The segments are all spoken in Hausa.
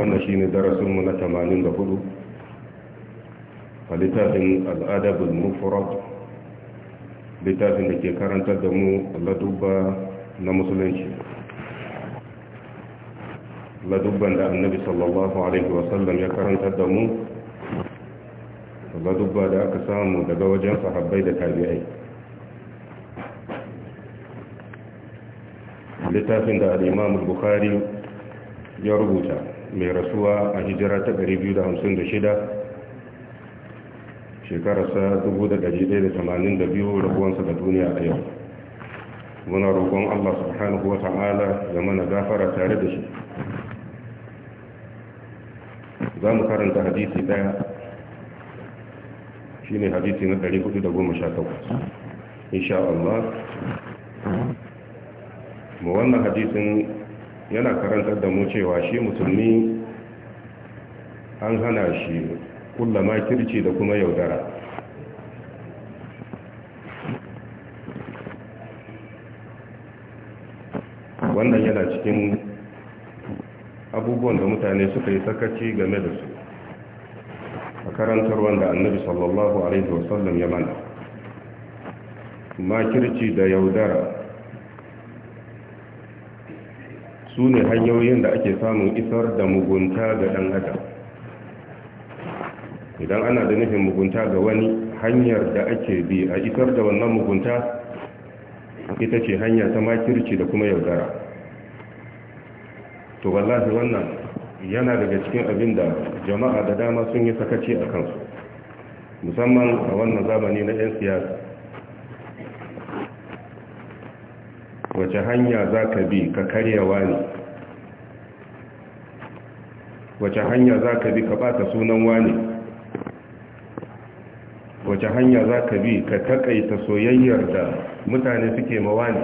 wannan shine darasinmu na 84 a littafin al'adabul mufrad littafin da ke karantar da mu ladubba na musulunci ladubban da annabi sallallahu alaihi wasallam ya karantar da mu ladubba da aka samu daga wajen sahabbai da tabi'ai littafin da al'imam bukhari ya rubuta mai rasuwa a hijira ta 256 shekararsa 1182 rabuwansa da duniya a yau muna roƙon Allah subhanahu wa ta'ala ya mana gafara tare da shi za mu karanta hadisi daya shi ne hadisi na 418 insha Allah mu wannan hadisin yana karantar da mu cewa shi musulmi an hana shi kulla makirci da kuma yaudara wannan yana cikin abubuwan da mutane suka yi sakaci game da su a karantar wanda annabi sallallahu alaihi wasallam ya mana makirci da yaudara su ne hanyoyin da ake samun isar da mugunta ga ɗan adam idan ana da nufin mugunta ga wani hanyar da ake bi a isar da wannan mugunta ita ce hanya ta makirci da kuma yaudara to wallahi wannan yana daga cikin abin da jama'a da dama sun yi sakaci a kansu musamman a wannan zamani na 'yan siyasa wace hanya za ka bi ka karyawa ne wace hanya za ka bi ka bata sunan ne? wace hanya za ka bi ka takaita soyayyar da mutane suke ne?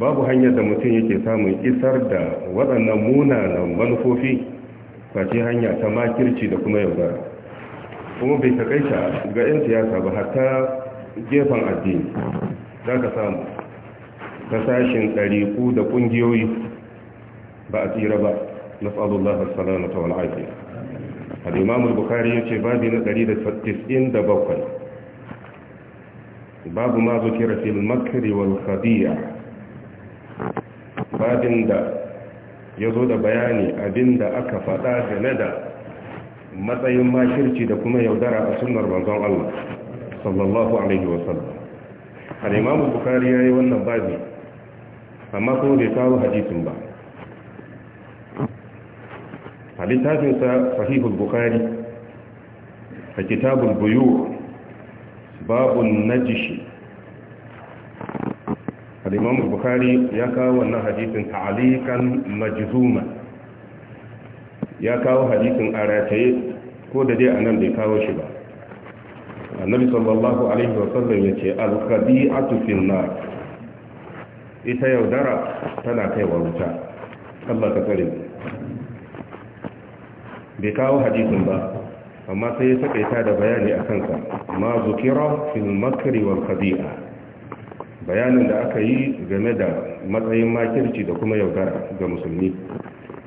babu hanyar da mutum yake samun isar da waɗannan munanan manufofi face hanya ta makirci da kuma yaudara kuma bai takaita ga 'yan siyasa ba hatta gefen addini za ka samu ta sashin ɗariku da ƙungiyoyi ba a tsira ba na tsadullah salama ta Wani wal'afiya Alimamul bukari ya ce babi na 197 babu ma zukira fil makari wal khadiya babin da ya zo da bayani abin da aka faɗa game da matsayin makirci da kuma yaudara a sunnar manzon Allah sallallahu alaihi wasallam al'imamu bukari ya yi wannan babi amma kuma bai kawo hadisin ba a littafinsa sahihul bukari a kitabul buyu babun najishi al'imamu bukari ya kawo wannan hadisin ta'alikan majizuma ya kawo hadisin a rataye ko da dai a nan bai kawo shi ba annabi sallallahu alaihi Sallam ya ce al al-khabi'atu fil nar ita yaudara tana wa wuta Allah ka tsare bai kawo hadisin ba amma sai ya sakaita da bayani a kansa ma zukira fil makri wal khabi'a bayanin da aka yi game da matsayin makirci da kuma yaudara ga musulmi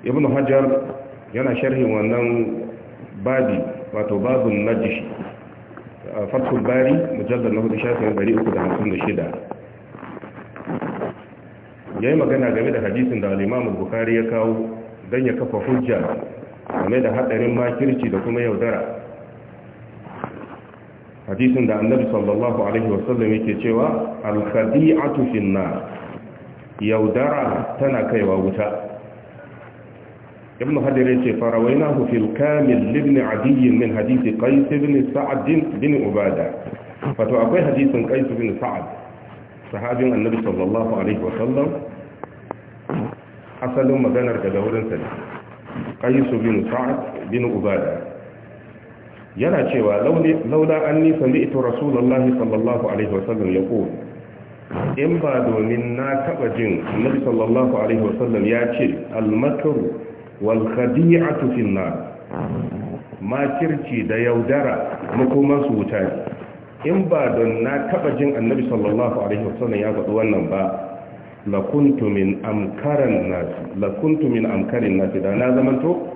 ibnu hajar yana sharhin wannan babi wato babun najishi fatul bari mujallar na hudu shafin 356 ya yi magana game da hadisin da alimamu bukari ya kawo don ya kafa hujja game da haɗarin makirci da kuma yaudara hadisin da annabi sallallahu alaihi wasallam yake cewa Atufin na yaudara tana kaiwa wuta ibn hajar yace farawainahu fil kamil libni adiy min hadisi qais ibn sa'ad bin ubada wato akwai hadisin qais ibn sa'ad sahabin annabi sallallahu alaihi wa asalin maganar daga wurin sa qais ibn sa'ad bin ubada yana cewa laula anni sami'tu rasulullahi sallallahu alaihi wa sallam yaqul in ba domin na taba jin annabi sallallahu alaihi wa ya ce al wal khadi'atu fil nar makirci da yaudara makoman su wuta ne in ba don na taba jin annabi sallallahu alaihi wasallam ya faɗi wannan ba la kuntu min amkaran nas la kuntu min amkarin nas da na zamanto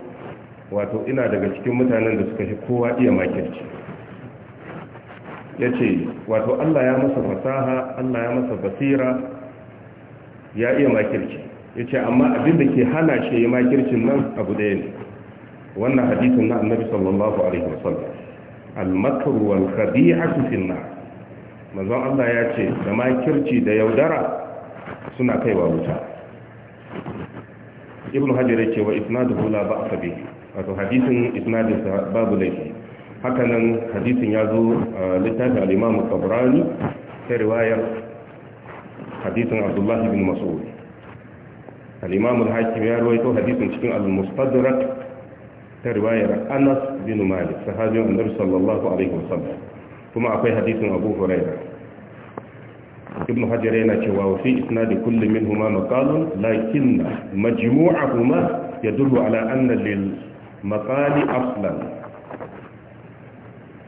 wato ina daga cikin mutanen da suka fi kowa iya makirci yace wato allah ya masa fasaha allah ya masa basira ya iya makirci ya ce amma abin da ke hana shi ya makircin nan abu ɗaya ne wannan hadisin na annabi sallallahu alaihi wasallam al-makr wal khadi'atu fi an-nar manzon Allah ya ce da makirci da yaudara suna kaiwa wuta ibnu hajar ya ce wa isnaduhu la ba'sa bihi wato hadisin isnadin babu laifi hakanan hadisin ya zo littafin al-imam tabrani ta riwayar hadisin abdullahi bin mas'ud al-imam hakim ya rawaito hadisin cikin al-mustadrak ta riwayar Anas bin Malik sahabin annabi sallallahu kuma akwai hadisin Abu Hurairah ibn Hajar yana cewa wa fi isnadi kulli minhuma maqalun lakin majmu'uhuma yadullu ala anna lil maqali aslan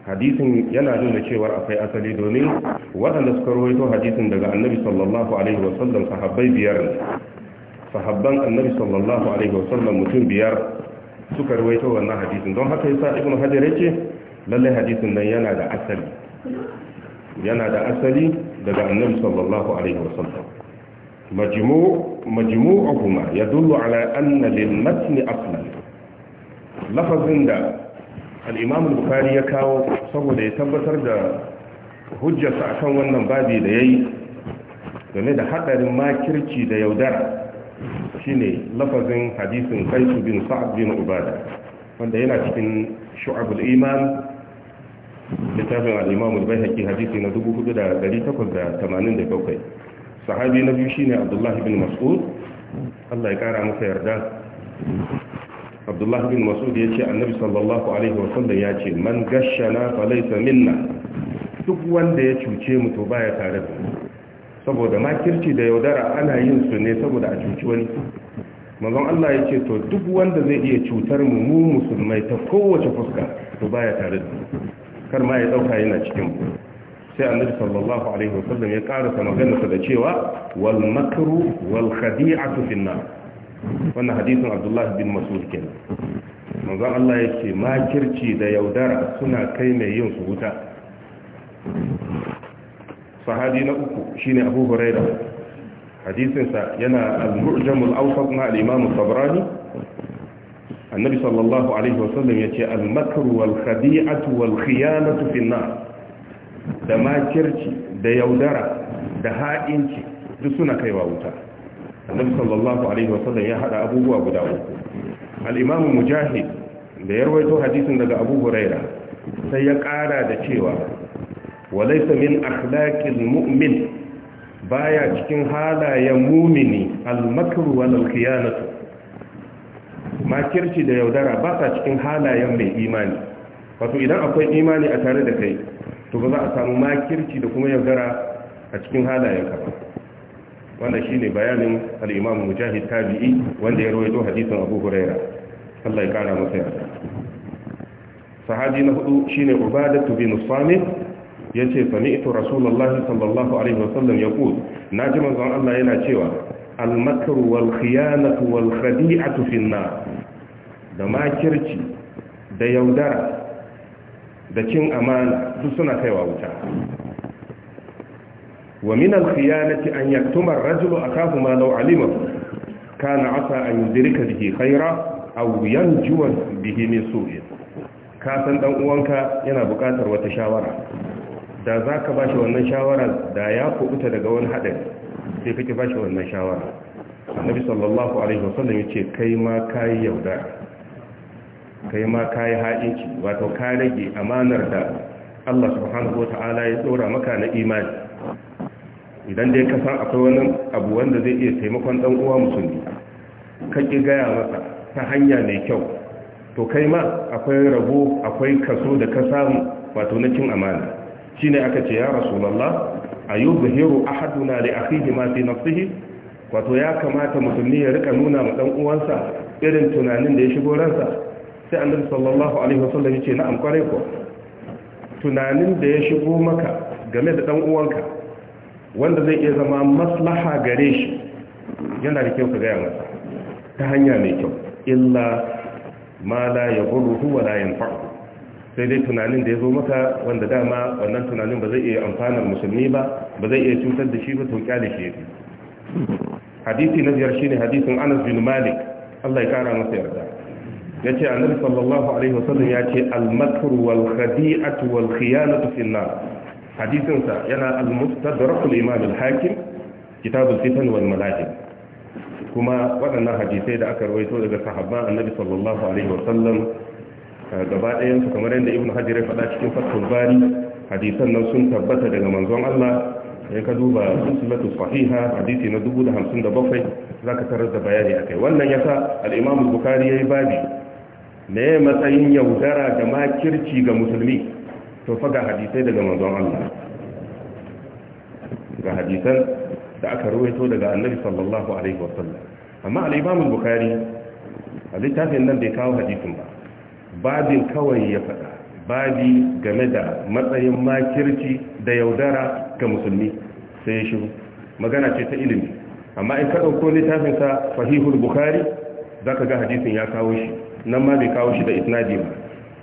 hadisin yana nuna cewar akwai asali domin waɗanda suka rawaito hadisin daga annabi sallallahu alaihi wasallam biyar sahabban annabi sallallahu alaihi sallam mutum biyar suka ruwaito wannan hadisin don haka yasa ibnu hajar yake lalle hadisin nan yana da asali yana da asali daga annabi sallallahu alaihi sallam. majmu' majmu'uhuma yadullu ala anna lil matn aslan lafazin da al-imam al-bukhari ya kawo saboda ya tabbatar da hujjarsa akan wannan babi da yayi game da hadarin makirci da yaudara shine lafazin hadisin kaisu bin sa'ad bin ubada wanda yana cikin shu'abul iman littafin al-imam al-baihaqi hadisi na 4887 sahabi na biyu shine abdullah bin mas'ud Allah ya kara masa yarda abdullah bin mas'ud ya ce annabi sallallahu alaihi wa ya ce man gashshana falaysa minna duk wanda ya cuce mu to baya tare da mu saboda makirci da yaudara ana yin su ne saboda a cuci wani mazan Allah ya ce to duk wanda zai iya cutar mu mu musulmai ta kowace fuska to baya tare da kar ma ya dauka yana cikin mu sai annabi sallallahu alaihi wasallam ya karasa maganarsa da cewa wal makru wal khadi'atu fin nar wannan hadisin Abdullah bin Mas'ud kenan manzon Allah ya ce makirci da yaudara suna kai mai yin su wuta sahabi na uku shine abu huraira hadisinsa yana al-mu'jamul awsat na al-imam tabrani annabi sallallahu alaihi wasallam yace al-makru wal khadi'atu wal khiyanatu fi an-nar da makirci da yaudara da ha'inci duk suna kaiwa wuta annabi sallallahu alaihi wasallam ya hada abubuwa guda uku al-imam mujahid da ya rawaito hadisin daga abu huraira sai ya kara da cewa walaysa min akhlaqil mu'min baya cikin halayen mumini al-makru wal khiyanatu makirci da yaudara ba sa cikin halayen mai imani wato idan akwai imani a tare da kai to ba za a samu makirci da kuma yaudara a cikin halayen ka ba wanda shine bayanin al-imam mujahid tabi'i wanda ya rawaito hadisin abu huraira Allah ya kara masa yarda sahabi na hudu shine ubadatu bin samit yace sami'tu rasulullahi sallallahu alaihi wasallam yaqul naji manzon Allah yana cewa al-makr wal khiyanatu wal khadi'atu fi an da makirci da yaudara da cin amana duk suna kaiwa wuta wa min al-khiyanati an yaktuma ar-rajulu akahu ma law alima kana asa an yudrika bihi khaira aw yanjuwa bihi min su'in ka san dan uwanka yana bukatar wata shawara da za ka ba shi wannan shawara da ya kubuta daga wani haɗari sai kake ba shi wannan shawara annabi sallallahu alaihi wasallam ya ce kai ma ka yi yaudara kai ma ka yi ha'inci wato ka rage amanar da Allah subhanahu wa ta'ala ya tsora maka na imani idan dai ka san akwai wani abu wanda zai iya taimakon dan uwa musulmi ka ki gaya masa ta hanya mai kyau to kai ma akwai rabo akwai kaso da ka samu wato na cin amana shine aka ce ya rasulullah ayuzhiru ahaduna li akhihi ma fi nafsihi wato ya kamata musulmi ya rika nuna ma dan uwansa irin tunanin da ya shigo ransa sai annabi sallallahu alaihi wasallam ce na'am kwarai ko tunanin da ya shigo maka game da dan uwanka wanda zai iya zama maslaha gare shi yana da kyau ka gaya masa ta hanya mai kyau illa ma la yaqulu huwa la yanfa'u sai dai tunanin da ya zo maka wanda dama wannan tunanin ba zai iya amfanar musulmi ba ba zai iya cutar da shi ba to kyale shi yake hadisi na biyar shine hadisin Anas bin Malik Allah ya kara masa yarda yace annabi sallallahu alaihi wasallam yace al-makru wal khadi'atu wal khiyanatu fi an-nar hadisin sa yana al-mustadrak al-imam al-hakim kitab al-fitan wal malajim kuma waɗannan hadisai da aka rawaito daga sahabban annabi sallallahu alaihi wasallam gaba ɗayan su kamar yadda Ibn hajar ya faɗa cikin fathul bari hadisan nan sun tabbata daga manzon Allah in ka duba silsilatu sahiha hadisi na 1057 zaka tarar da bayani akai wannan yasa al-imam al-bukhari yayi babi ne matsayin yaudara da makirci ga musulmi to fa ga hadisai daga manzon Allah ga hadisan da aka ruwaito daga annabi sallallahu alaihi wasallam amma al-imam al-bukhari a littafin nan bai kawo hadisin ba babin kawai ya faɗa babi game da matsayin makirci da yaudara ga musulmi sai ya shiru magana ce ta ilimi amma in ko littafin littafinsa fahihul bukhari za ka ga hadisin ya kawo shi nan ma bai kawo shi da isnadi ba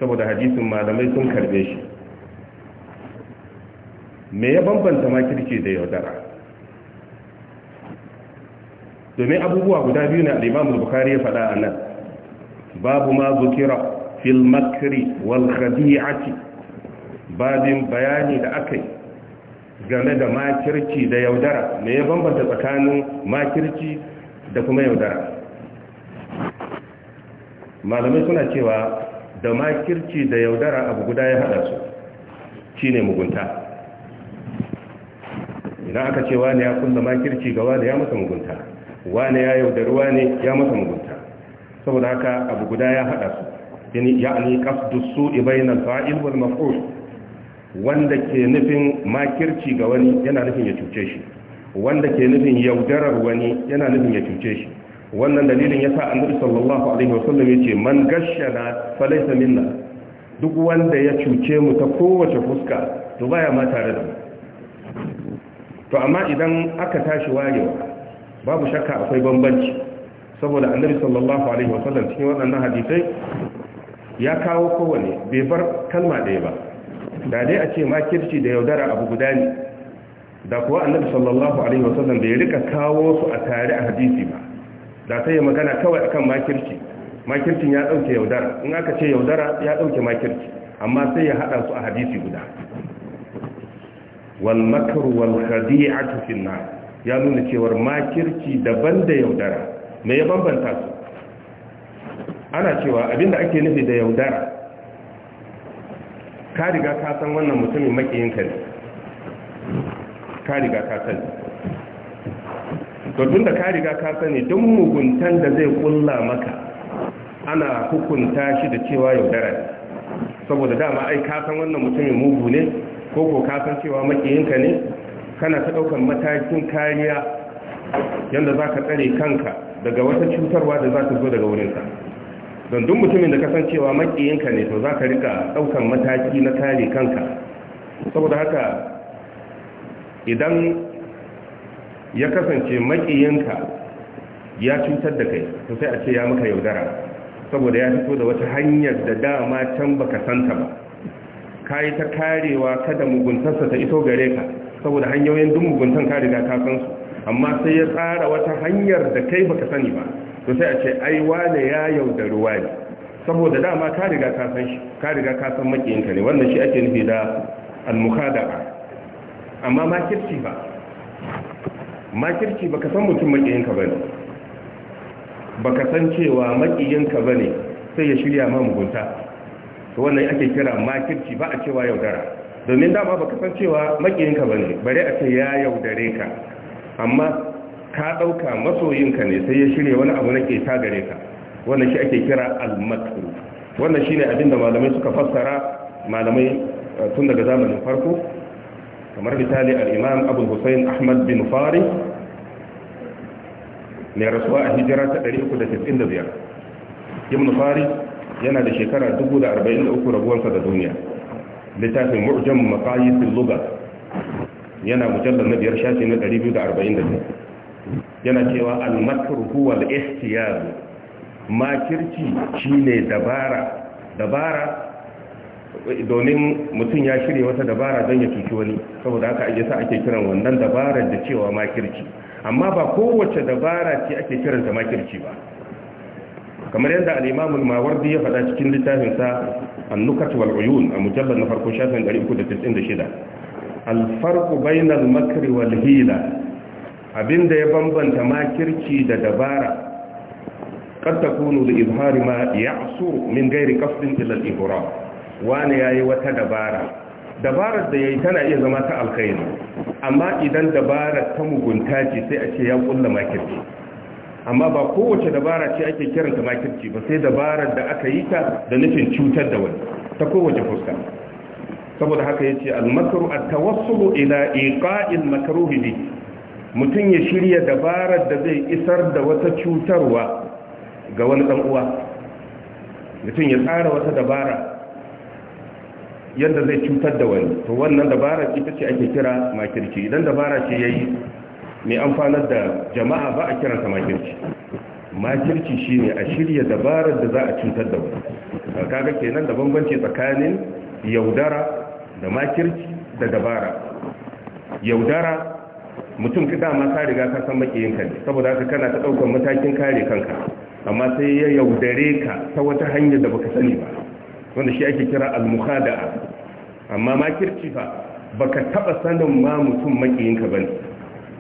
saboda hadisin malamai sun karbe shi me ya bambanta makirci da yaudara domin abubuwa guda biyu ne al'imamul bukari ya faɗa a nan babu ma zukira في المكر والخديعه باب بيان bayani da game da makirci da yaudara me ya bambanta tsakanin makirci da kuma yaudara malamai suna cewa da makirci da yaudara abu guda ya hada su shine mugunta idan aka ce wani ya kunna makirci ga wani ya masa mugunta wani ya yaudari wani ya masa mugunta saboda haka abu guda ya hada su yani qasdu su'i bayna al-fa'il wal maf'ul wanda ke nufin makirci ga wani yana nufin ya cuce shi wanda ke nufin yaudarar wani yana nufin ya cuce shi wannan dalilin yasa annabi sallallahu alaihi wasallam yace man gashshana falaysa minna duk wanda ya cuce mu ta kowace fuska to baya ma tare da mu to amma idan aka tashi wayewa babu shakka akwai bambanci saboda annabi sallallahu alaihi wasallam cikin waɗannan hadisai ya kawo kowane bai bar kalma ɗaya ba da dai a ce makirci da yaudara abu guda ne da kuwa annabi sallallahu alaihi wasallam bai rika kawo su a tare a hadisi ba da sai ya magana kawai akan makirci makircin ya dauke yaudara in aka ce yaudara ya dauke makirci amma sai ya hada su a hadisi guda wal makr wal khadi'atu nar ya nuna cewar makirci daban da yaudara me ya bambanta su ana cewa abinda ake nufi da yaudara ka riga ka san wannan mutumin makiyinka ne ka riga ka sani to da ka riga ka sani don muguntan da zai kulla maka ana hukunta shi da cewa yaudara ne saboda dama ai ka san wannan mutumin mugu ne ko ko ka san cewa makiyinka ne kana ta ɗaukar matakin kariya yadda za ka tsare kanka daga wata cutarwa da za ta zo daga wurinsa don duk mutumin da kasancewa makiyinka ne to za ka rika ɗaukan mataki na kare kanka saboda haka idan ya kasance makiyinka ya cutar da kai to sai a ce ya maka yaudara saboda ya fito da wata hanyar da dama can baka santa ba ka yi ta karewa kada muguntarsa ta iso gare ka saboda hanyoyin duk muguntan ka riga ka san su amma sai ya tsara wata hanyar da kai baka sani ba to sai a ce ai wane ya yaudari wani saboda dama ka riga ka san shi ka riga ka san makiyinka ne wannan shi ake nufi da al mukhadara amma makirci ba makirci baka san mutum makiyinka bane baka san cewa makiyinka bane sai ya shirya ma mugunta to wannan ake kira makirci ba a cewa yaudara domin dama baka san cewa makiyinka bane bare a ce ya yaudare ka amma ka ɗauka masoyinka ne sai ya shirya wani abu na ƙeta gare ka wannan shi ake kira almatu wannan shi ne abinda malamai suka fassara malamai eh, tun daga zamanin farko kamar misali al'imam abu hussein ahmad bin fari mai rasuwa a hijira ta 395 ibn fari yana da shekara 43 rabuwarsa da duniya littafin mu'jam maqayisil lugha yana mujallar na biyar shafi na 242 yana cewa al-makr huwa al makirci shine dabara dabara domin mutum ya shirya wata dabara don ya cuci wani saboda haka ake sa ake kiran wannan dabarar da cewa makirci amma ba kowace dabara ce ake kiranta makirci ba kamar yadda al'imamul mawardi ya faɗa cikin littafinsa annukat wal uyun a mujallar na farko shafin 396 alfarku bainal makri wal hila abinda ya bambanta makirci da dabara kad takunu da izhari ma ya'sur min gairi kafin ila al wani ya yayi wata dabara dabarar da yayi tana iya zama ta alkhairi amma idan dabarar ta mugunta ce sai a ce ya kulla makirci amma ba kowace dabara ce ake kiranta makirci ba sai dabarar da aka yi ta da nufin cutar da wani ta kowace fuska saboda haka ya ce makru at-tawassulu ila iqa'il makruhi mutum ya shirya dabarar da zai isar da wata cutarwa ga wani ɗan uwa mutum ya tsara wata dabara yadda zai cutar da wani to wannan dabarar ita ce ake kira makirci idan dabara ce yayi mai amfanar da jama'a ba a kiransa makirci makirci shi ne a shirya dabarar da za a cutar da wani kaga kenan da bambanci tsakanin yaudara da makirci da dabara yaudara mutum ka dama ta riga ka san makiyin ka ne saboda haka kana ta daukar matakin kare kanka amma sai ya yaudare ka ta wata hanyar da baka sani ba wanda shi ake kira al-mukhada'a amma makirci fa baka taba sanin ma mutum makiyin ka bane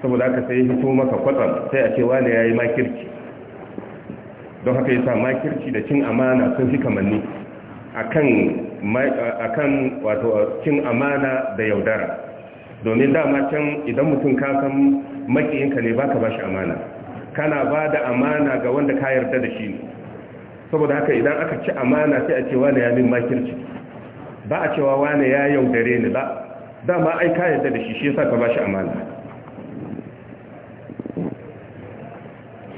saboda haka sai ya fito maka kwatsam sai a ce wani yayi makirci don haka yasa makirci da cin amana sun fi kamanni akan akan wato cin amana da yaudara domin dama can idan mutum ka san makiyinka ne baka bashi amana kana ba da amana ga wanda ka yarda da shi saboda haka idan aka ci amana sai a ce wane ya min makirci ba a cewa wane ya yaudare ni ba dama ai ka yarda da shi shi yasa ka bashi amana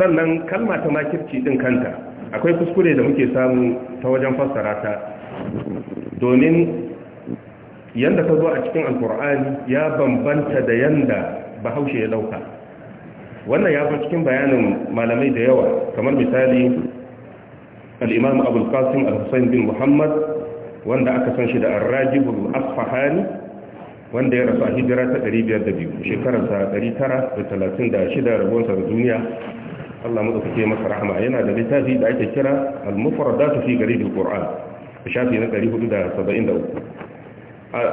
sannan kalma ta makirci din kanta akwai kuskure da muke samu ta wajen fassara ta domin yanda ta zo a cikin alkur'ani ya bambanta da yanda bahaushe ya dauka wannan ya zo cikin bayanin malamai da yawa kamar misali al-imam abul al-husayn bin muhammad wanda aka san shi da ar-rajibul asfahani wanda ya rasu a hijira ta 502 shekararsa 936 rabuwarsa da duniya Allah mu dauke masa rahama yana da littafi da ake kira al-mufradatu fi garibil qur'an shafi na 473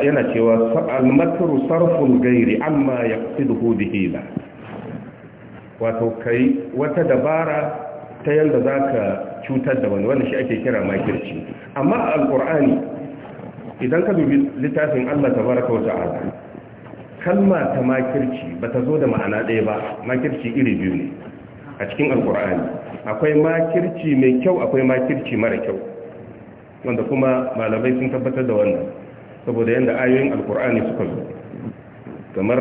yana cewa al sarfun gairi amma yaqsiduhu bihi la wato kai wata dabara ta yanda zaka cutar da wani wannan shi ake kira makirci amma al-qur'ani idan ka dubi littafin Allah tabaraka wa ta'ala kalma ta makirci bata zo da ma'ana ɗaya ba makirci iri biyu ne a cikin al-qur'ani akwai makirci mai kyau akwai makirci mara kyau wanda kuma malamai sun tabbatar da wannan saboda yadda ayoyin alkur'ani suka zo kamar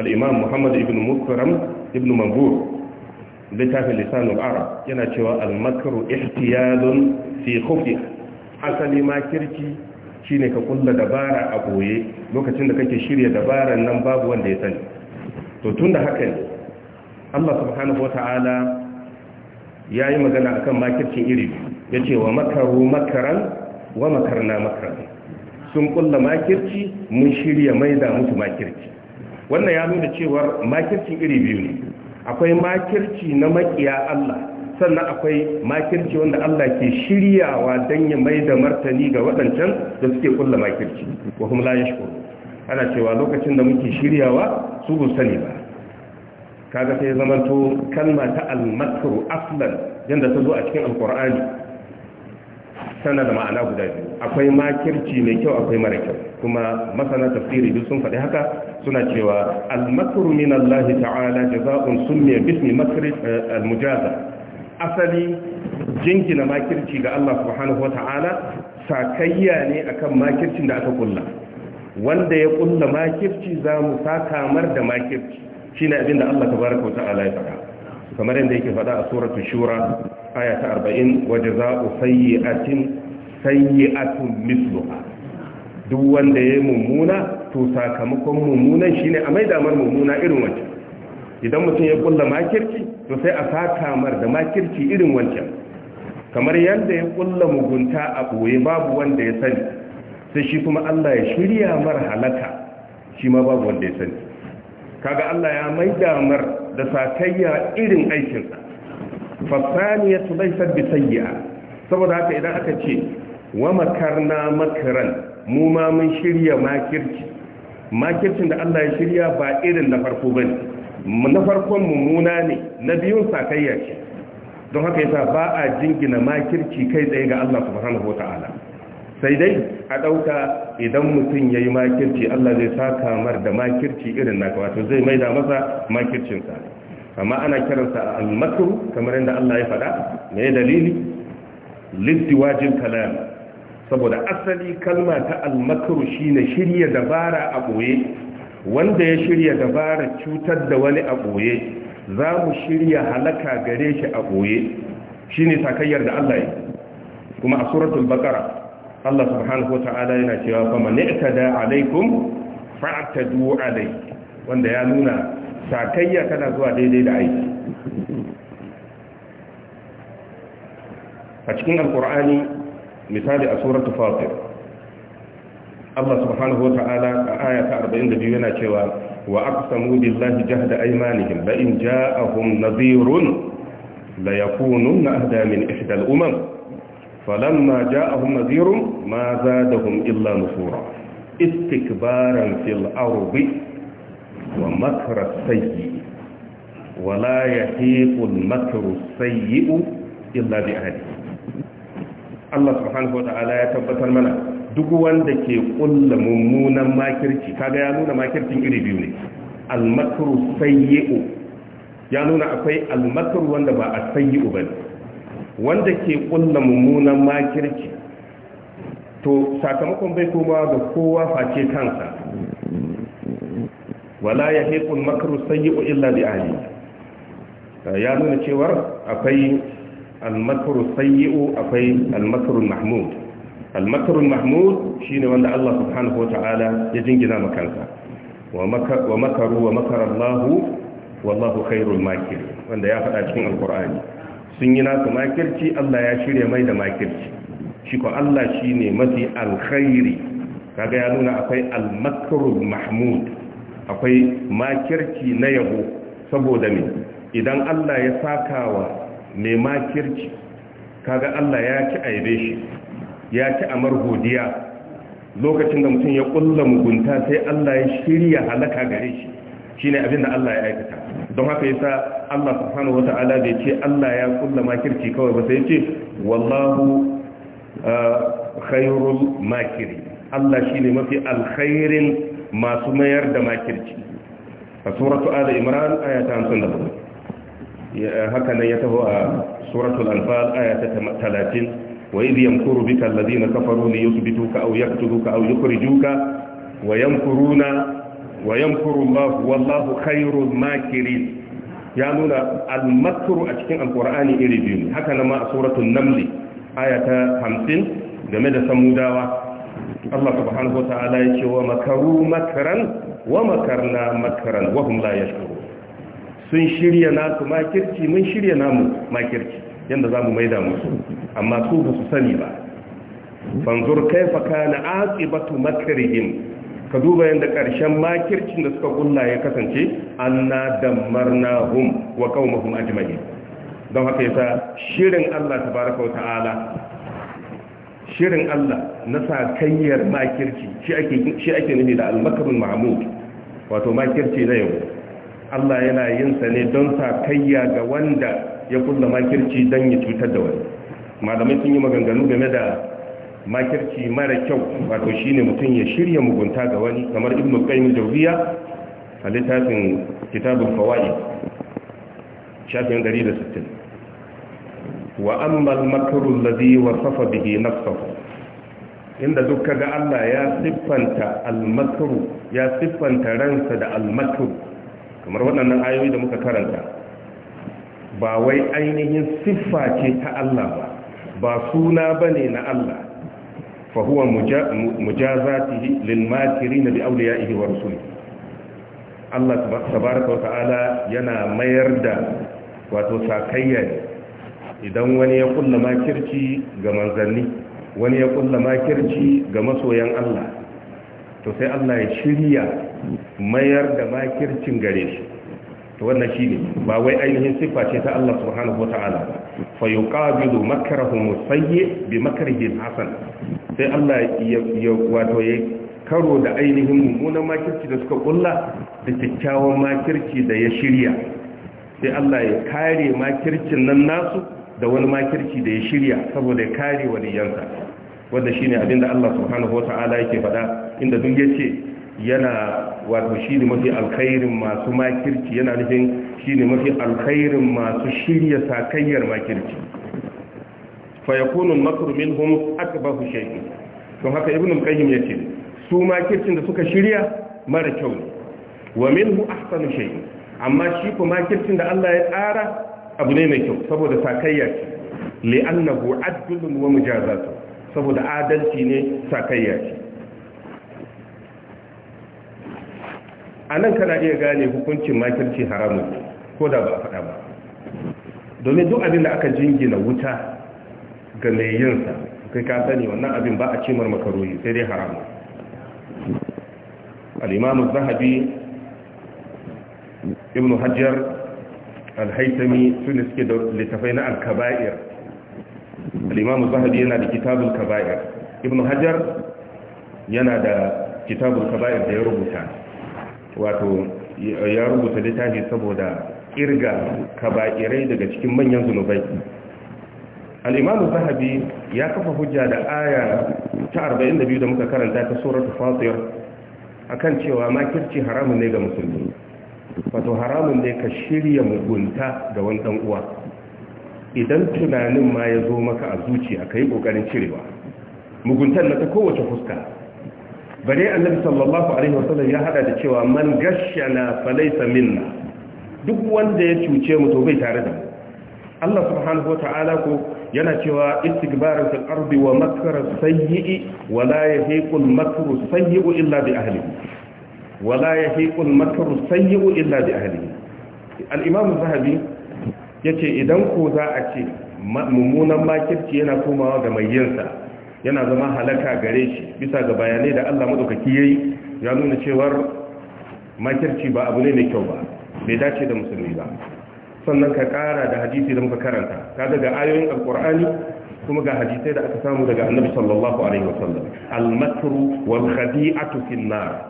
al'imam muhammad ibn mukram ibn mangur littafin lisanul arab yana cewa almakaru ihtiyalun fi khufi asali makirci shine ka kulla dabara a boye lokacin da kake shirya dabaran nan babu wanda ya sani to da haka ne Allah subhanahu wata'ala ya yi magana akan makircin iri ya ce wa makaru makaran wa makarna makaran sun kulla makirci mun shirya mai da musu makirci wannan ya nuna cewar makircin iri biyu ne akwai makirci na makiya Allah sannan akwai makirci wanda Allah ke shiryawa don ya mai da martani ga waɗancan da suke kulla makirci wa kuma la ana cewa lokacin da muke shiryawa su bu sani ba kaga sai zama to kalma ta al-makru aslan yanda ta zo a cikin alqur'ani tana da ma'ana guda biyu akwai makirci mai kyau akwai mara kyau kuma masana tafsiri duk sun faɗi haka suna cewa al min Allah ta'ala jazaa'un summiya bismi makri eh, al-mujaza asali jingina makirci ga Allah subhanahu wata'ala sakayya ne akan makircin da aka kulla wanda ya kulla makirci za mu sakamar da makirci shine abin da Allah tabaraka ta'ala ya faɗa kamar yadda yake faɗa a suratul shura aya ta 40 wa jazaa'u sayyi'atin sayyi'atun misluha duk wanda yayi mummuna to sakamakon mummunan shine a mai damar mummuna irin wancan idan mutum ya kulla makirci to sai a saka mar da makirci irin wancan kamar yadda ya kulla mugunta a boye babu wanda ya sani sai shi kuma Allah ya shirya mar halaka shi ma babu wanda ya sani kaga Allah ya mai damar da sakayya irin aikin sa fasaniyatu laysa bi sayyi'a saboda haka idan aka ce wa makarna makaran mu ma mun shirya makirci makircin da Allah ya shirya ba irin na farko bane na farkon mummuna ne na biyun sakayya ce don haka yasa ba a jingina makirci kai tsaye ga Allah subhanahu wataala sai dai a ɗauka idan mutum yayi yi makirci Allah zai saka mar da makirci irin naka wato zai maida masa makircinsa amma ana kiransa al-makru kamar yadda Allah ya faɗa me dalili wajin kalam saboda asali kalma ta almakaru shine shirya dabara a boye wanda ya shirya dabara cutar da wani a boye za mu shirya halaka gare shi a boye shine takayyar da Allah ya kuma a suratul baqara Allah subhanahu wata'ala yana cewa fa man i'tada alaikum fa'tadu alai wanda ya nuna takayya tana zuwa daidai da aiki a cikin alkur'ani misali a suratu fatir Allah subhanahu ta'ala, a arba'in da 42 yana cewa wa aqsamu billahi jahda aymanihim la in ja'ahum nadhirun la yakununna ahda min ihda al-umam falamma ja'ahum nadhirun ma zadahum illa nufura istikbaran fil ardi wa makra sayyi wa la ya al-makru sayyi illa bi Allah subhanahu wa ta'ala ya tabbatar mana duk wanda ke kulla mummunan makirci kaga ya nuna makircin iri biyu ne al-makru sayyi'u ya nuna akwai al-makru wanda ba as-sayyi'u bane wanda ke kulla mummunan makirci to sakamakon bai koma ga kowa face kansa wala al makru sayyi'u illa bi ahli ya nuna cewar akwai almakaru sayyi'u akwai almakarun mahmud almakarun mahmud shine wanda Allah subhanahu wa ta'ala ya jingina makansa wa makaru wa makara wallahu khairul makir wanda ya faɗa cikin alkur'ani sun yi nasu makirci Allah ya shirya mai da makirci shi ko Allah shine mafi alkhairi kaga ya nuna akwai almakarun mahmud akwai makirci na yabo saboda me idan Allah ya saka wa mai makirci kaga Allah ya ci aibe shi ya ci amar godiya lokacin da mutum ya kulla mugunta sai Allah ya shirya halaka gare shi shine abinda da Allah ya aikata don haka yasa Allah subhanahu wata'ala bai ce Allah ya kulla makirci kawai ba sai ya ce wallahu uh, khairul makiri Allah shine mafi alkhairin masu mayar da makirci a suratu ala imran ayatan 57 Eh, haka nan ya taho a suratul anfal aya ta 30 wa idh yamkuru bika alladhina kafaru li yuthbituka aw yaqtuluka aw yukhrijuka wa yamkuruna wa yamkuru Allah wallahu khairul makirin ya nuna al-makru a cikin alqur'ani iri biyu haka nan ma a suratul naml aya ta 50 game da samudawa Allah subhanahu wa ta'ala ya ce wa makaru wa makarna wa hum la yashkurun sun shirya nasu makirci mun shirya namu makirci yadda za mu maida musu amma su ba su sani ba fanzur kaifa kana aqibatu makrihim ka duba yadda ƙarshen makircin da suka kulla ya kasance anna dammarnahum wa qaumahum ajma'in don haka yasa shirin Allah tabaaraka ta'ala shirin Allah na sa kayyar makirci shi ake shi ake nufi da al-makrul mahmud wato makirci na yau Allah yana yin sa ne don sa kayya ga wanda ya kulla makirci don ya cutar da wani malamai sun yi maganganu game da makirci mara kyau wato shine mutum ya shirya mugunta ga wani kamar ibnu qayyim jawziya a littafin kitabul fawaid shafin 160 wa amma al-makru alladhi wasafa bihi nafsuhu inda duk kaga Allah ya siffanta al-makru ya siffanta ransa da al-makru kamar waɗannan ayoyi da muka karanta ba wai ainihin siffa ce ta Allah ba ba suna bane na Allah fa huwa mujazatihi lil makirin bi awliyaihi wa rusulihi Allah tabaraka wa ta'ala yana mayar da wato sakayya idan wani ya kulla makirci ga manzanni wani ya kulla makirci ga masoyan Allah to sai Allah ya shirya mayar da makircin gare shi to wannan shine ba wai ainihin siffa ce ta Allah subhanahu wataala ba fa yuqabilu makrahum sayyi bi makrihim hasan sai Allah ya wato ya karo da ainihin mummunan makirci da suka kulla da kyakkyawan makirci da ya shirya sai Allah ya kare makircin nan nasu da wani makirci da ya shirya saboda ya kare waliyansa wanda shine abinda Allah subhanahu wataala yake faɗa inda duk yace yana wato shi ne mafi alkhairin masu makirci yana nufin shi ne mafi alkhairin masu shirya sakayyar makirci fa ya kunun makarmin aka ba su shaiki don haka ibn kayyum ya ce su makircin da suka shirya mara kyau ne wa min hu ahsanu shaiki amma shi ku makircin da Allah ya tsara abu ne mai kyau saboda sakayya ce li'annahu adlun wa mujazatu saboda adalci ne sakayya ce a nan kana iya gane hukuncin makirci haramun ko da ba a faɗa ba domin duk abin da aka jingina wuta ga mai yinsa kai ka sani wannan abin ba a cimar makaroyi sai dai haramun al'imamu zahabi ibn hajjar alhaitami su suna suke da littafai na alkaba'ir al'imamu zahabi yana da kitabul kaba'ir ibn hajjar yana da kitabul kaba'ir da ya rubuta wato ya rubuta littafi saboda kirga kaba'irai daga cikin manyan zunubai al'imamu zahabi ya kafa hujja da aya ta 42 da muka karanta ta suratu fatir akan cewa makirci haramun ne ga musulmi wato haramun ne ka shirya mugunta ga wani dan uwa idan tunanin ma ya zo maka a zuciya ka yi ƙoƙarin cirewa muguntar na ta kowace fuska bare annabi sallallahu alaihi wasallam ya hada da cewa man gashshana falaysa minna duk wanda ya cuce mu to bai tare da mu Allah subhanahu wataala ko yana cewa istikbaru fil ardi wa makra sayyi wa la yahiqu al makru sayyi illa bi ahlihi wa la yahiqu al makru sayyi illa bi ahlihi al imam zahabi yace idan ko za a ce mummunan makirci yana komawa ga mai yinsa yana zama halaka gare shi bisa ga bayanai da Allah madaukaki yayi ya nuna cewar makirci ba abu ne mai kyau ba bai dace da musulmi ba sannan ka kara da hadisi da muka karanta ka daga ayoyin alqur'ani kuma ga hadisai da aka samu daga annabi sallallahu alaihi wasallam al-makru wal khadi'atu fil nar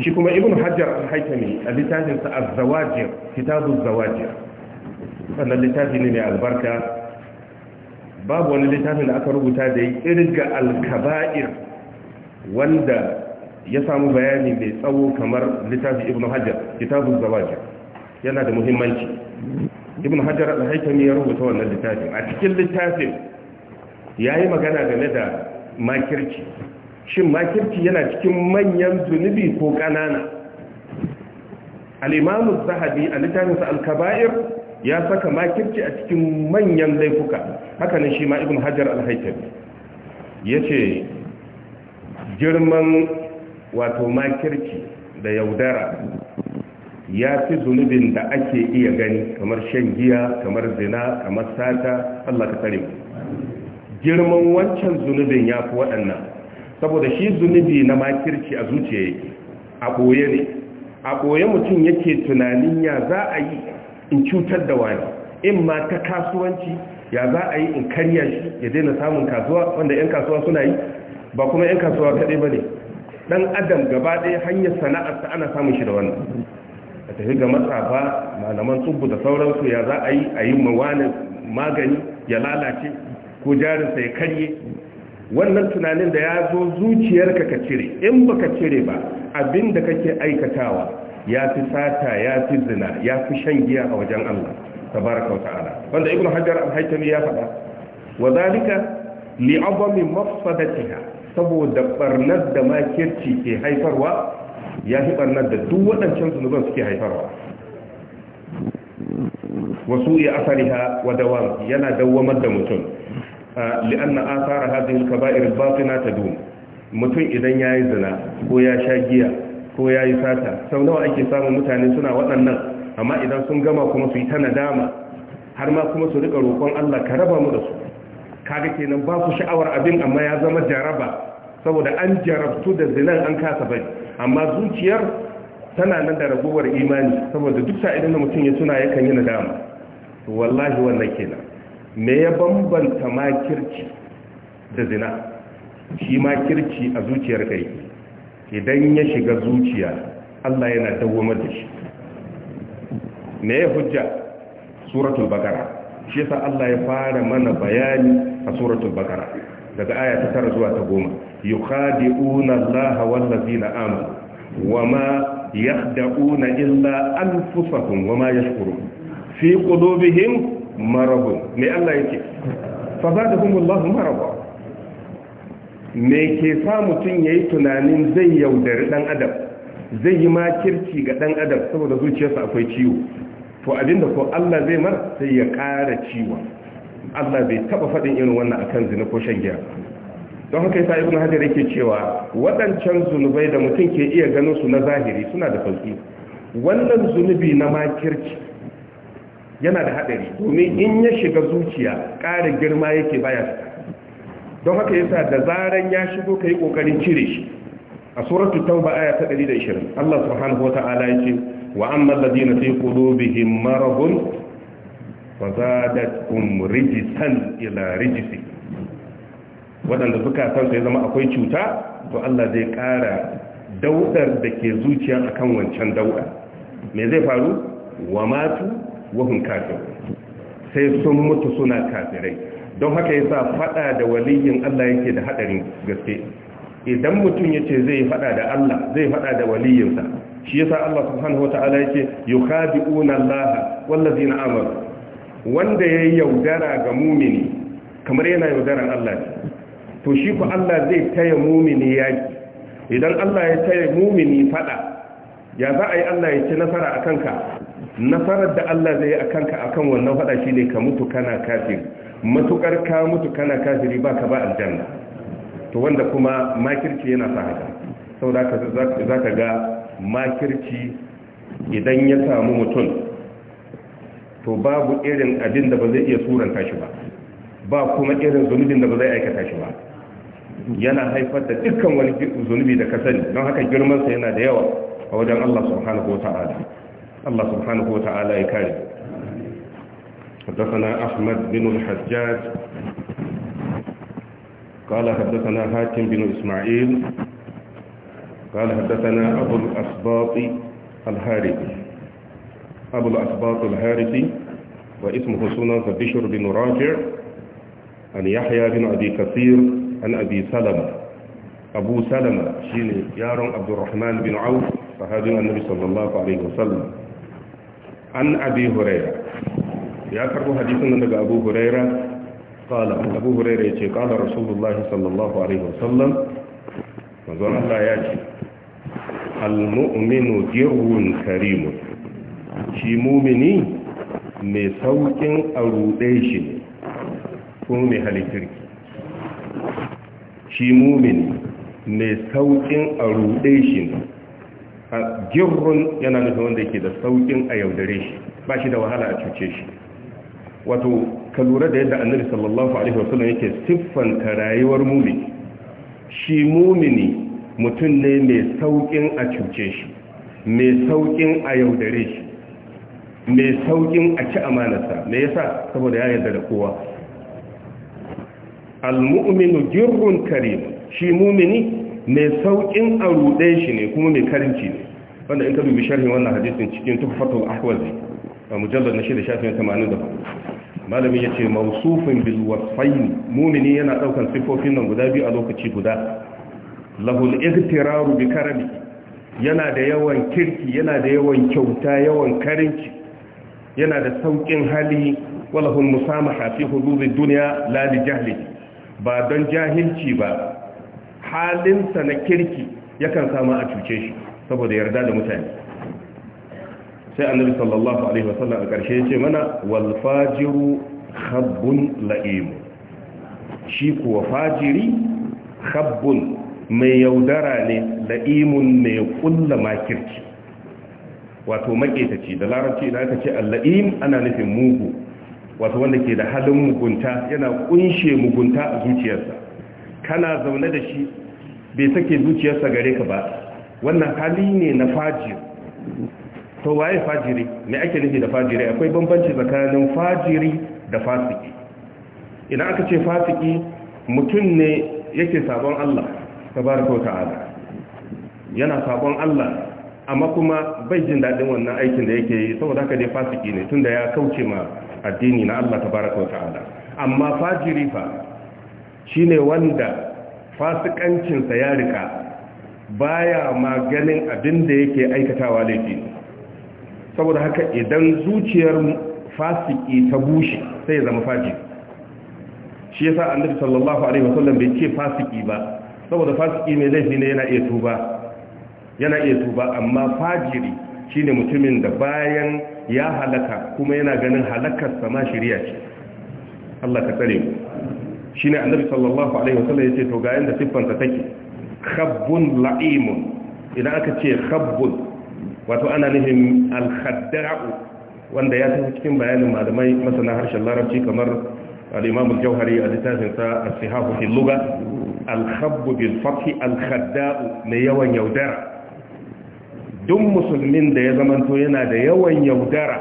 shi kuma ibn hajjar al haytami a littafinsa az-zawajir kitabuz zawajir sannan littafi ne mai albarka babu wani littafin da aka rubuta da ya ƙirga alkaba'ir wanda ya samu bayani mai tsawo kamar littafi ibn hajar kitabun Zawajar. yana da muhimmanci ibn hajar al-haikami ya rubuta wannan littafin a cikin littafin ya yi magana game da makirci shin makirci yana cikin manyan zunubi ko ƙanana al'imamu zahabi a littafinsa alkaba'ir? ya saka makirci a cikin manyan laifuka haka ne shi ma ibn hajar al ya ce girman wato makirci da yaudara ya fi zunubin da ake iya gani kamar shan giya kamar zina kamar sata allah ka tsare girman wancan zunubin ya fi waɗannan saboda shi zunubi na makirci a zuciya a ɓoye ne a ɓoye mutum yake tunanin ya za a yi in cutar da wani in ma ta kasuwanci ya za a yi in karya shi ya daina samun kasuwa wanda 'yan kasuwa suna yi ba kuma 'yan kasuwa kaɗai ba ne ɗan adam gaba ɗaya hanyar sana'ar ta ana samun shi da wannan a tafi ga matsafa malaman tsubu da sauransu ya za a yi a yi mawanin magani ya lalace ko jarinsa ya karye wannan tunanin da ya zo zuciyarka ka cire in ba ka cire ba abin da kake aikatawa ya fi sata ya fi zina ya fi shan giya a wajen Allah tabaraka wa ta'ala wanda ibnu hajar al-haytami ya faɗa wa zalika li'azami mafsadatiha saboda barnar da makirci ke haifarwa ya fi barnar da duk waɗancan zunuban suke haifarwa wasu iya asariha wa dawam yana dawamar da mutum li'anna asara hadhihi al-kaba'ir al-batina tadum mutum idan yayi zina ko ya sha giya ko ya yi sata sau nawa ake samun mutane suna waɗannan amma idan sun gama kuma su yi ta nadama har ma kuma su riƙa roƙon Allah ka raba mu da su kaga kenan ba ku sha'awar abin amma ya zama jaraba saboda an jarabtu da zinan an kasa bai amma zuciyar tana nan da ragowar imani saboda duk sa'ilin da mutum ya tuna yakan yi nadama wallahi wannan kenan me ya bambanta makirci da zina shi makirci a zuciyar kai idan ya shiga zuciya Allah yana dawwamar da shi me ya hujja suratul bakara? shi yasa Allah ya fara mana bayani a suratul bakara? daga aya ta 9 zuwa ta 10 yukhadi'una Allah wal ladina amanu wama yakhda'una illa anfusahum wama yashkurun fi qulubihim marad me Allah yake fa zadahumullahu marad me ke sa mutum ya yi tunanin zai yaudari ɗan adam zai yi makirci ga ɗan adam saboda zuciyarsa akwai ciwo to abinda ko Allah zai mar sai ya ƙara ciwon Allah bai taɓa faɗin irin wannan kan zina ko shan giya don haka yasa ibn hajar yake cewa waɗancan zunubai da mutum ke iya ganin su na zahiri suna da sauki wannan zunubi na makirci yana da haɗari domin in ya shiga zuciya ƙara girma yake baya don haka yasa da zaran ya shigo ka yi ƙoƙarin cire shi a suratul tauba aya ta 120 Allah subhanahu wata'ala ya ce wa amman ladina fi qulubihim maradun fa zadatkum rijsan ila rijsi suka san sai zama akwai cuta to Allah zai kara daudar da ke zuciya akan wancan dauda me zai faru wa matu wa hun kafir sai sun mutu suna kafirai don haka ya sa fada da waliyin Allah yake da hadarin gaske idan mutum ya ce zai fada da Allah zai fada da waliyinsa shi ya sa Allah subhanahu ya ce yukhadi'una Allah wallazina amanu wanda ya yaudara ga mumini kamar yana yaudaran Allah to shi ku Allah zai taya mumini yaki idan Allah ya taya mumini fada ya za a yi Allah ya ce nasara a kanka nasarar da Allah zai yi a kanka a kan wannan faɗa shi ne ka mutu kana kafin matukar ka mutu kana kafiri ba ka ba aljanna to wanda kuma makirci yana sa haka saboda za ka ga makirci idan ya samu mutum to babu irin abin da ba zai iya suranta shi ba ba kuma irin zunubin da ba zai aikata shi ba yana haifar da dukkan wani zunubi da ka sani don haka girmansa yana da yawa a wajen Allah subhanahu wa ta'ala Allah subhanahu wa ta'ala ya kare حدثنا أحمد بن الحجاج قال حدثنا هاتم بن إسماعيل قال حدثنا أبو الأسباط الهارثي أبو الأسباط الهارثي واسمه سنة بشر بن رافع عن يحيى بن أبي كثير عن أبي سلمة أبو سلمة شين يارم عبد الرحمن بن عوف فهذا النبي صلى الله عليه وسلم عن أبي هريرة ya karbo hadisin nan daga abu huraira kala abu huraira ya ce kala rasulullahi sallallahu alaihi wasallam manzon Allah ya ce al-mu'minu jirwun karimun shi mumini mai saukin a ruɗe shi ne kuma mai halittarki shi mumini mai saukin a ruɗe shi ne a yana nufin wanda ke da saukin a yaudare shi ba shi da wahala a cuce shi wato ka lura da yadda annabi sallallahu alaihi wasallam yake siffanta rayuwar mumin shi mumini mutum ne mai saukin a cuce shi mai saukin a yaudare shi mai saukin a ci amanarsa me yasa saboda ya yarda da kowa almu'minu jirrun karim shi mumini mai saukin a rude shi ne kuma mai karinci ne wanda in ka dubi sharhin wannan hadisin cikin tufatul ahwazi a mujallar na shida shafin 84 malamin ya ce mausufin bilwasfain mumini yana daukan siffofin nan guda biyu a lokaci guda lahul igtiraru bi karami yana da yawan kirki yana da yawan kyauta yawan karinci yana da saukin hali walahul musamaha fi hududid dunya la li jahli ba don jahilci ba halinsa na kirki yakan samu a cuce shi saboda yarda da mutane sai annabi sallallahu alaihi wasallam a ƙarshe ce mana wal fajiru khabbun la'im shi kuwa fajiri khabbun mai yaudara ne la'imun mai kulla makirci wato makitaci da larabci idan aka ce al-la'im ana nufin mugu wato wanda ke da halin mugunta yana kunshe mugunta a zuciyarsa kana zaune da shi bai sake zuciyarsa gare ka ba wannan hali ne na fajir to waye fajiri me ake nufi da fajiri akwai bambanci tsakanin fajiri da fasiki idan aka ce fasiki mutum ne yake sabon Allah tabaraka wa ta'ala yana sabon Allah amma kuma bai jin dadin wannan aikin da yake yi saboda haka dai fasiki ne tunda ya kauce ma addini na Allah tabaraka wa ta'ala amma fajiri fa shine wanda fasikancinsa ya rika baya ma ganin abin da yake aikatawa laifi saboda haka idan zuciyar fasiki ta bushe sai ya zama fajiri shi ya yasa annabi sallallahu alaihi wasallam bai ce fasiki ba saboda fasiki mai laifi ne yana iya tuba yana iya tuba amma fajiri shine mutumin da bayan ya halaka kuma yana ganin halakar sama shari'a ce Allah ka tsare mu shine annabi sallallahu alaihi wasallam yace to ga yanda ta take khabbun la'imun idan aka ce khabbun wato ana nufin al wanda ya tafi cikin bayanin malamai masana harshen larabci kamar al jauhari a littafin sa as-sihahu fil lugha al-khabbu yawan yaudara duk musulmin da ya zamanto yana da yawan yaudara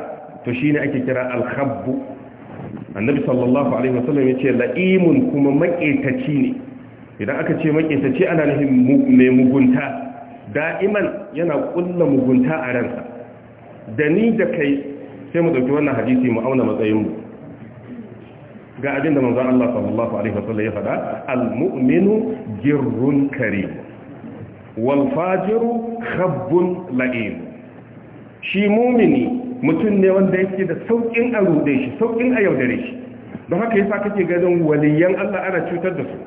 to shine ake kira alhabbu. annabi sallallahu alaihi wasallam yace la'imun kuma maƙetaci ne idan aka ce maƙetaci ana nufin mai mugunta da'iman yana kulla mugunta a ransa da ni da kai sai mu dauki wannan hadisi mu auna matsayinmu ga abinda manzo Allah sallallahu alaihi wasallam ya faɗa al-mu'minu jirrun karim wal fajiru khabbun la'im shi mu'mini mutum ne wanda yake da saukin a rude shi saukin a yaudare shi don haka yasa kake ganin waliyan Allah ana cutar da su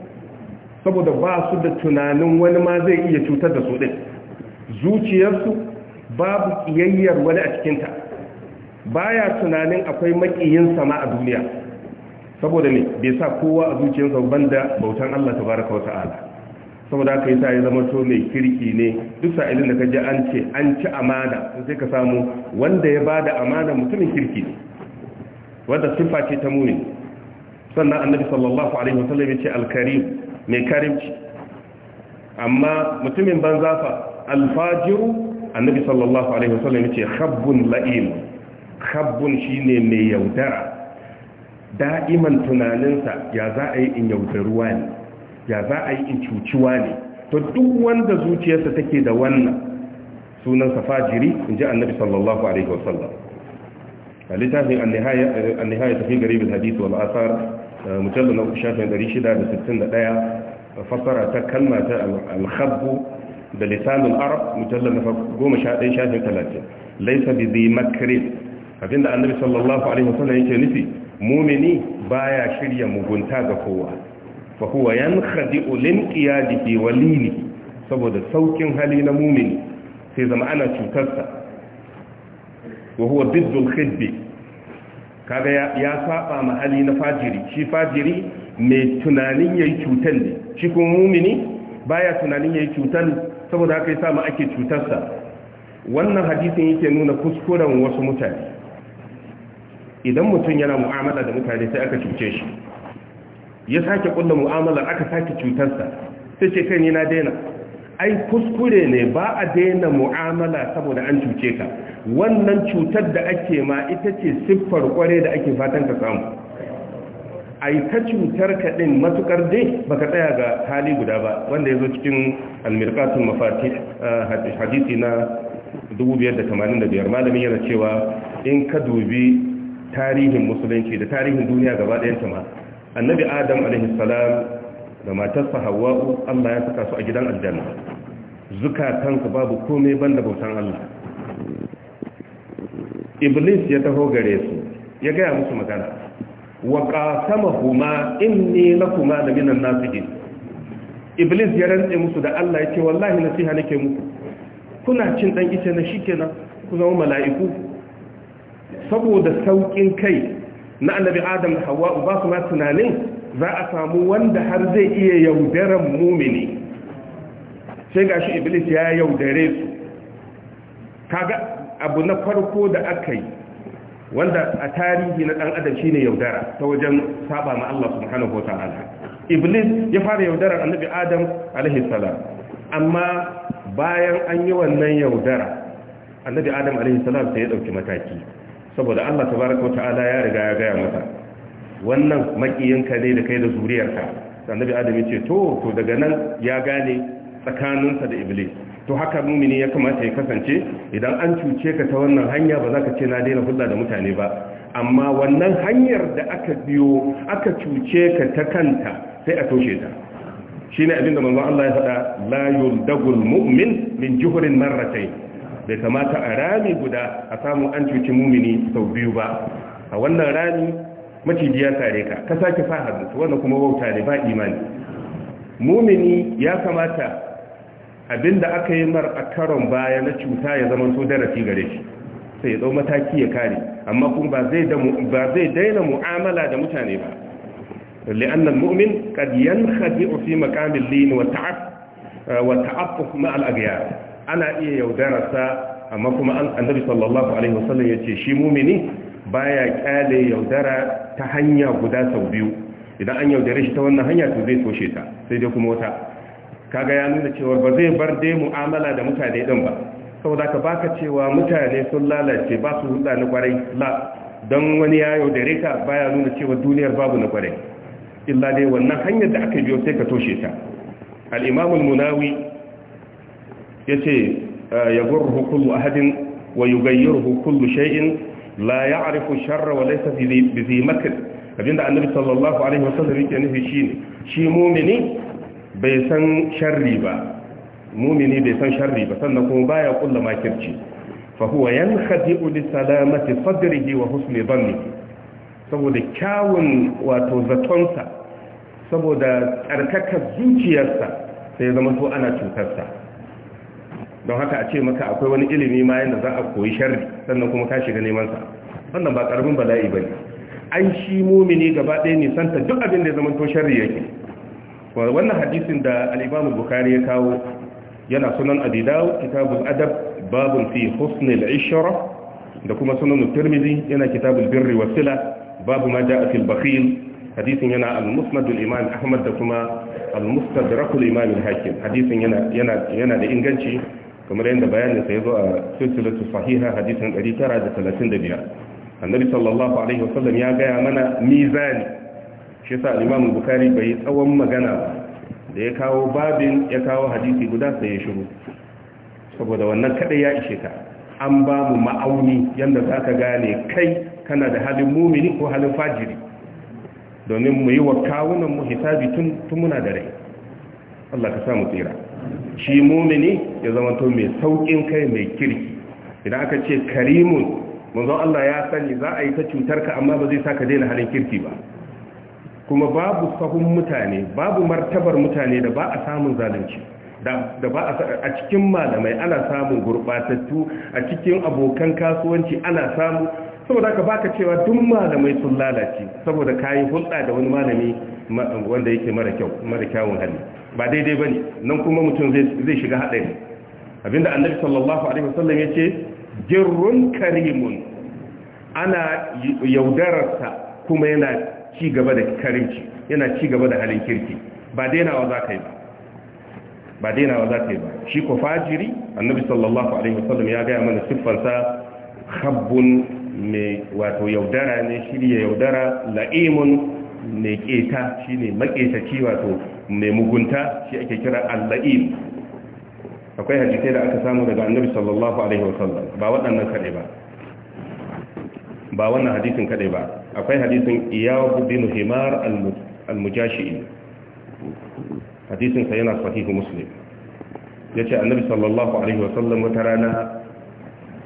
saboda ba su da tunanin wani ma zai iya cutar da su din zuciyarsu babu ƙiyayyar wani a cikinta baya tunanin akwai makiyin sama a duniya saboda ne bai sa kowa a zuciyarsa da bautan Allah tabaraka wa ta'ala saboda haka yasa ya zama to mai kirki ne duk sa'ilin da ka ji an ce an ci amana sai ka samu wanda ya bada amana mutumin kirki ne wanda sifa ce ta muni sannan annabi sallallahu alaihi wasallam ya ce alkarim mai karimci amma mutumin banzafa alfajiru annabi sallallahu alaihi wasallam yace khabbun la'in khabbun shine mai yaudara da'iman tunaninsa ya za a yi in yaudaruwa ne ya za a yi in cuciwa ne to duk wanda zuciyarsa take da wannan sunansa fajiri in ji annabi sallallahu alaihi wasallam a littafin annihaya tafi garibin hadisi wal asar eh, mujallar na uku shafin 661 fasara ta kalma ta alhabbu da lisanul arab mujallar na goma sha ɗaya shafin talatin laisa bi zai makirin abinda annabi sallallahu alaihi wasallam yake nufi mumini baya shirya mugunta ga kowa fa huwa yankhadi'u lin qiyadihi wa lini saboda saukin hali na mumini sai zama ana cutarsa wa huwa biddul khidbi kaga ya saba ma hali na fajiri shi fajiri mai tunanin yayi cutan ne shi kuma mumini baya tunanin yayi cutan saboda haka ya samu ake cutarsa wannan hadisin yake nuna kuskuren wasu mutane idan mutum yana mu'amala da mutane sai aka cuce shi ya sake kulla mu'amala aka sake cutarsa sai ce kai ni na daina ai kuskure ne ba a daina mu'amala saboda an cuce ka wannan cutar da ake ma ita ce siffar kware da ake fatan ka samu a yi ta cutar kaɗin matukar dai baka tsaya ga hali guda ba wanda ya zo cikin almirkatun mafati ah, hadisi na biyar malamin yana cewa in ka dubi tarihin musulunci da tarihin duniya gaba ɗayanta ma annabi adam alaihissalam da matarsa hawa'u allah ya saka su a gidan aljanna zukatansu babu komai banda bautan allah iblis ya taho gare su ya gaya musu magana wa qasamahuma inni lakuma la minan nasihin iblis ya rantse musu da Allah yace wallahi nasiha nake muku kuna cin dan ice na shikenan ku zama mala'iku saboda saukin kai na annabi adam da hawa ba su ma tunanin za a samu wanda har zai iya yaudaran mumini sai gashi iblis ya yaudare su kaga abu na farko da aka yi wanda a tarihi na dan adam shine yaudara ta wajen saba ma Allah subhanahu wataala iblis ya fara yaudarar annabi adam alaihi salam amma bayan an yi wannan yaudara annabi adam alaihi salam sai ya dauki mataki saboda Allah tabaraka wataala ya riga ya gaya masa wannan makiyinka ne da kai da zuriyarka annabi adam ya ce to to daga nan ya gane tsakaninsa da iblis to haka mumini ya kamata ya kasance idan an cuce ka ta wannan hanya ba za ka ce na daina hulɗa da mutane ba amma wannan hanyar da aka biyo aka cuce ka ta kanta sai a toshe ta shine abinda da manzon Allah ya faɗa la yuldagul mu'min min juhrin marratayn bai kamata a rami guda a samu an cuci mumini sau biyu ba a wannan rami maciji ya tare ka ka sake sa hannu wannan kuma wauta ne ba imani mumini ya kamata abinda aka yi mar a karon baya na cuta ya zama to darasi gare shi sai ya dau mataki ya kare amma kuma ba zai daina mu'amala da mutane ba li'anna annan mumin qad yankhadi'u fi maqamil lin wa ta'af wa ta'affuf aghyar ana iya yaudararsa amma kuma annabi sallallahu alaihi wasallam yace shi mu'mini baya kyale yaudara ta hanya guda sau biyu idan an yaudare shi ta wannan hanya to zai toshe ta sai dai kuma wata kaga ya nuna cewa ba zai bar dai mu'amala da mutane din ba saboda ka baka cewa mutane sun lalace ba su hulɗa na kwarai la don wani yayo da reka baya nuna cewa duniyar babu na kwarai illa dai wannan hanyar da aka biyo sai ka toshe ta al-imam al-munawi yace ah, yagurru kullu ahadin wa yughayyiruhu kullu shay'in la ya'rifu sharra wa laysa bi zi abinda annabi sallallahu alaihi wasallam yake nufi shine shi mu'mini bai san sharri ba mumini bai san sharri ba sannan kuma baya kulla makirci fa huwa yankhadi'u li salamati sadrihi wa husni dhanni saboda kyawun wato zatonsa saboda tsarkakar zuciyarsa sai zama to ana cutarsa don haka a ce maka akwai wani ilimi ma yadda za a koyi sharri sannan kuma ka shiga neman sa wannan ba karamin bala'i bane an shi mumini gaba ɗaya nisanta duk abin da ya zama to sharri yake wannan hadisin da al-Imam Bukhari ya kawo yana sunan Abi kitabun adab babun fi husn al da kuma sunan Tirmidhi yana kitabun birri wa sila babu ma jaa fil bakhil hadisin yana al-musnad imam Ahmad da kuma al-mustadrak imam al-Hakim hadisin yana yana yana da inganci kamar yadda bayanin sa yazo a silsilatu sahiha hadisin 935 annabi sallallahu alaihi wasallam ya ga mana mizani shi yasa imam Bukhari bai tsawon magana ba da ya kawo babin ya kawo hadisi guda sai ya shiru saboda wannan kada ya ishe ka an ba mu ma'auni yanda ka gane kai kana da halin mumini ko halin fajiri domin mu yi wa kawunan mu hisabi tun tun muna da rai Allah ka samu tsira shi mumini ya zama to mai saukin kai mai kirki idan aka ce karimun zo Allah ya sani za a yi ta cutar ka amma ba zai sa ka daina halin kirki ba kuma babu sahun mutane babu martabar mutane da ba a samun zalunci da ba a cikin malamai ana samun gurbatattu a cikin abokan kasuwanci ana samu saboda ka baka cewa duk malamai sun lalace saboda kayi hulɗa da wani malami wanda yake mara kyau mara kyawun hali ba daidai bane nan kuma mutum zai shiga haɗari. abinda annabi sallallahu alaihi wasallam yace jirrun karimun ana yaudararsa kuma yana ci gaba da karinci yana ci gaba da halin kirki ba dainawa za ka yi ba ba dainawa za ka yi ba shi ko fajiri annabi sallallahu alaihi wasallam ya gaya mana siffarsa khabbun mai wato yaudara ne shirya yaudara la'imun mai keta shine maƙetaci wato mai mugunta shi ake kira al-la'im akwai hadisai da aka samu daga annabi sallallahu alaihi wasallam ba waɗannan kaɗai ba ba wannan hadisin kaɗai ba akwai hadisin iyawu himar al-mujashi'i hadisin sa yana sahihu muslim yace annabi sallallahu alaihi wasallam wata rana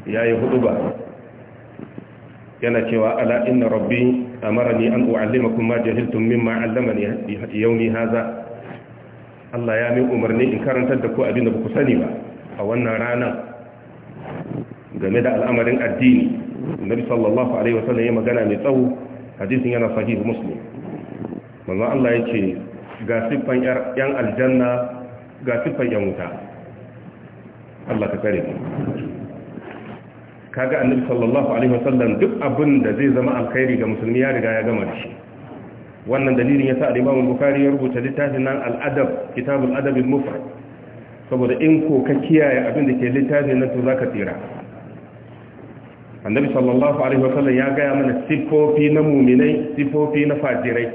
yayi huduba yana cewa ala inna rabbi amarani an u'allimakum ma jahiltum mimma 'allamani yawmi hadha Allah ya min umarni in karantar da ku abin da ku sani ba a wannan rana game da al'amarin addini Nabi sallallahu alaihi wasallam ya magana mai tsawo hadisin yana sahih muslim manzo Allah yake ga siffan yan aljanna ga siffan yan wuta Allah ka kare mu kaga annabi sallallahu alaihi wasallam duk abin da zai zama alkhairi ga musulmi ya riga ya gama da shi wannan dalilin yasa al-Imam Bukhari ya rubuta littafin nan al-Adab Kitab al-Adab al-Mufrad saboda in ko ka kiyaye abin da ke littafin nan to zaka tsira annabi sallallahu alaihi wasallam ya gaya mana sifofi na muminai sifofi na fajirai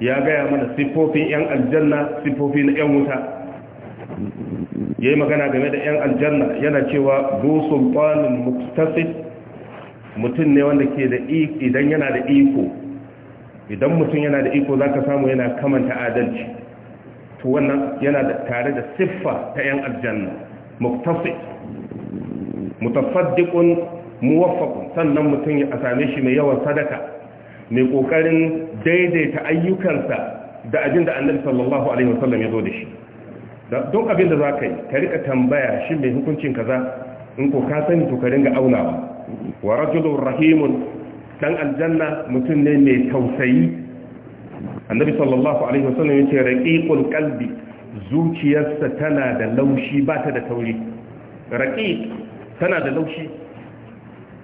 ya gaya mana sifofi yan aljanna sifofi na yan wuta yayi magana game da yan aljanna yana cewa du sultanin muktasib mutum ne wanda ke da idan yana da iko idan mutum yana da iko zaka samu yana kamanta adalci to wannan yana da tare da siffa ta yan aljanna muktasib mutafaddiqun muwaffaqun sannan mutum ya same shi mai yawan sadaka mai kokarin daidaita ayyukansa da abin da annabi sallallahu alaihi wasallam ya zo da shi don abin da za ka yi ka rika tambaya shi mai hukuncin kaza in ko ka sani to ka ringa aunawa wa rajulun rahimun dan aljanna mutum ne mai tausayi annabi sallallahu alaihi wasallam ce raqiqul qalbi zuciyarsa tana da laushi ba ta da tauri raqiq tana da laushi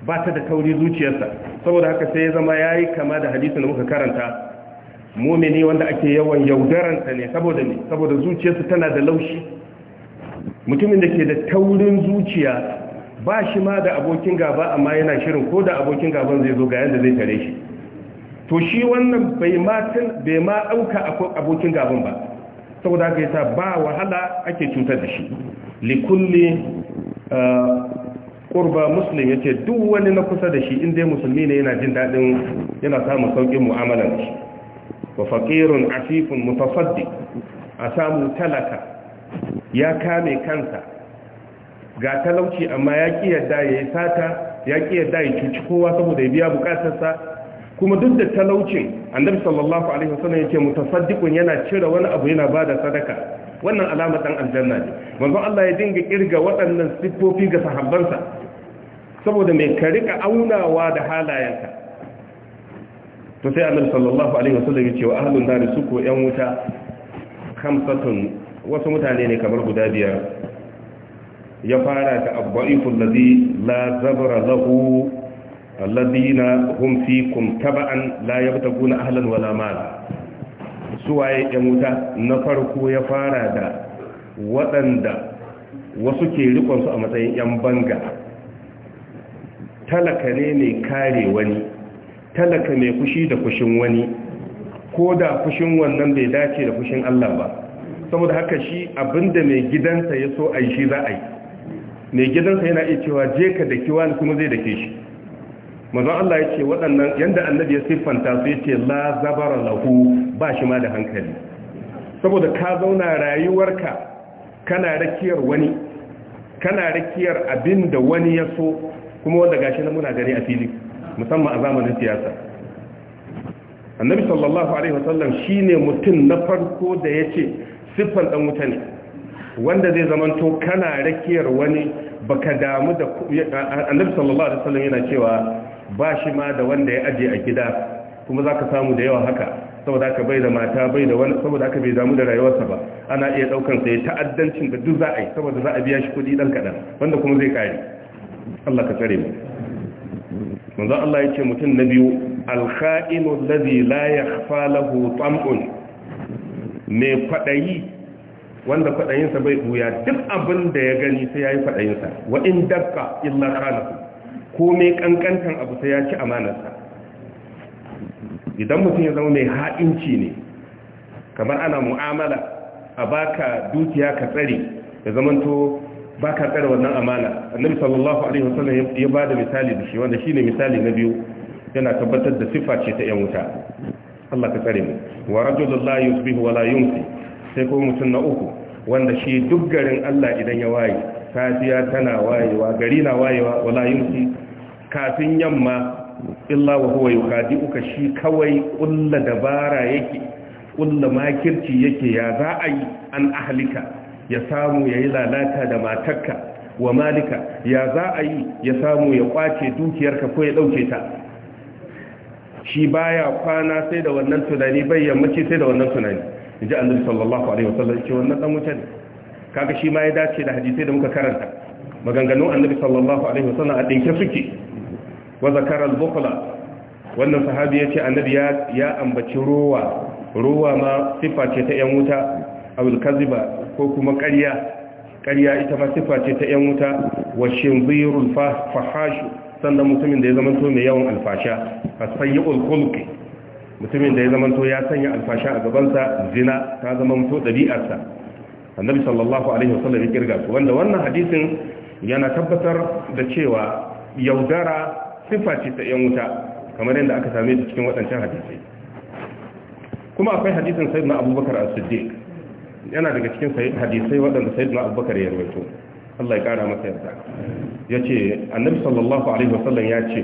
ba ta da kauri zuciyarsa saboda haka sai ya zama ya yi kama da hadisin da muka karanta mumini wanda ake yawan yaudaranta ne saboda ne saboda zuciyarsa tana da laushi mutumin da ke da taurin zuciya ba shi ma da abokin gaba amma yana shirin ko da abokin gaban zai zo ga yadda zai tare shi to shi wannan bai ma bai ma dauka abokin gaban ba saboda haka yasa ba wahala ake cutar da shi likulli eh, kurba muslim yace duk wani na kusa da shi inda musulmi ne yana jin dadin yana samun saukin mu'amalar shi wa faqirun asifun mutasaddi a samu talaka ya kame kansa ga talauci amma ya ki yadda yayi sata ya ki yadda ya cuci kowa saboda ya biya bukatarsa kuma duk da talaucin annabi sallallahu alaihi wasallam yace mutasaddiqun yana cire wani abu yana bada sadaka wannan alama dan aljanna ne manzo Allah ya dinga kirga waɗannan siffofi ga sahabbansa saboda mai ka rika aunawa da halayenka to sai annabi sallallahu alaihi wasallam ya ce wa ahlun nar su ko yan wuta kamsatun wasu mutane ne kamar guda biyar ya fara da abbaiful ladhi la zabra lahu alladhina hum fikum taba'an la yabtaguna ahlan wala mala suwaye yan wuta na farko ya fara da waɗanda wasu ke rikon su a matsayin yan banga talaka ne mai kare wani talaka mai kushi da kushin wani ko da fushin wannan bai dace da kushin Allah ba saboda haka shi abinda mai gidansa ya so a shi za a yi mai gidansa yana iya cewa je ka da kiwa kuma zai dake shi mazan Allah ya ce waɗannan yadda annabi ya siffanta su ya ce la zabara lahu ba shi ma da hankali saboda ka zauna rayuwarka kana rakiyar wani kana rakiyar abin wani ya so kuma wanda gashi na muna gani a fili musamman a zamanin siyasa annabi sallallahu alaihi wasallam shine mutum na farko da ya ce siffan dan wuta ne wanda zai zamanto kana rakiyar wani baka damu da annabi sallallahu alaihi wasallam yana cewa ba shi ma da wanda ya aje a gida kuma zaka samu da yawa haka saboda haka bai da mata bai da wani saboda haka bai damu da rayuwarsa ba ana iya daukan sai ta'addancin da duk za a yi saboda za a biya shi kuɗi dan kadan wanda kuma zai kare Allah ka tsare mu manzo Allah yace mutum na biyu al-kha'inu allazi la yakhfa lahu tam'un me fadayi wanda fadayin sa bai buya duk abin da ya gani sai yayi fadayin sa wa in dakka illa khalahu ko me kankantan abu sai ya ci amanar sa idan mutum ya zama mai ha'inci ne kamar ana mu'amala a baka dukiya ka tsare ya zamanto ba ka tsara wannan amana annabi sallallahu alaihi wasallam ya ba da misali da shi wanda shine misali na biyu yana tabbatar da sifa ce ta yan wuta Allah ka tsare mu wa rajulun la yusbihu wa la yumsi sai kuma mutum na uku wanda shi duk garin Allah idan ya waye safiya tana wayewa gari na wayewa wa la yumsi kafin yamma illa wa huwa yuqadi'uka shi kawai kullu dabara yake kullu makirci yake ya za a yi an ahlika ya samu ya yi lalata da matarka wa malika ya za a yi ya samu ya kwace dukiyarka ko ya ɗauke ta shi baya kwana sai da wannan tunani bai yammaci sai da wannan tunani in ji annabi sallallahu alaihi wasallam ce wannan dan wuce ne kaga shi ma ya dace da hadisi da muka karanta maganganun annabi sallallahu alaihi wasallam a dinke suke wa zakara al-bukhla wannan sahabi yace annabi ya ya ambaci ruwa ruwa ma sifa ce ta yan wuta abul kaziba ko kuma ƙarya ƙarya ita ma sifa ce ta 'yan wuta wa shinzirul fahashu sannan mutumin da ya zamanto mai yawan alfasha a khulqi mutumin da ya zamanto ya sanya alfasha a gabansa zina ta zama mutu ɗabi'arsa annabi sallallahu alaihi wasallam ya kirga su wanda wannan hadisin yana tabbatar da cewa yaudara sifa ce ta 'yan wuta kamar yadda aka same cikin waɗancan hadisai kuma akwai hadisin sayyidina abubakar as-siddiq yana daga cikin hadisai waɗanda sayyidina abubakar ya Allah ya kara masa yarda yace annabi sallallahu alaihi wasallam ya ce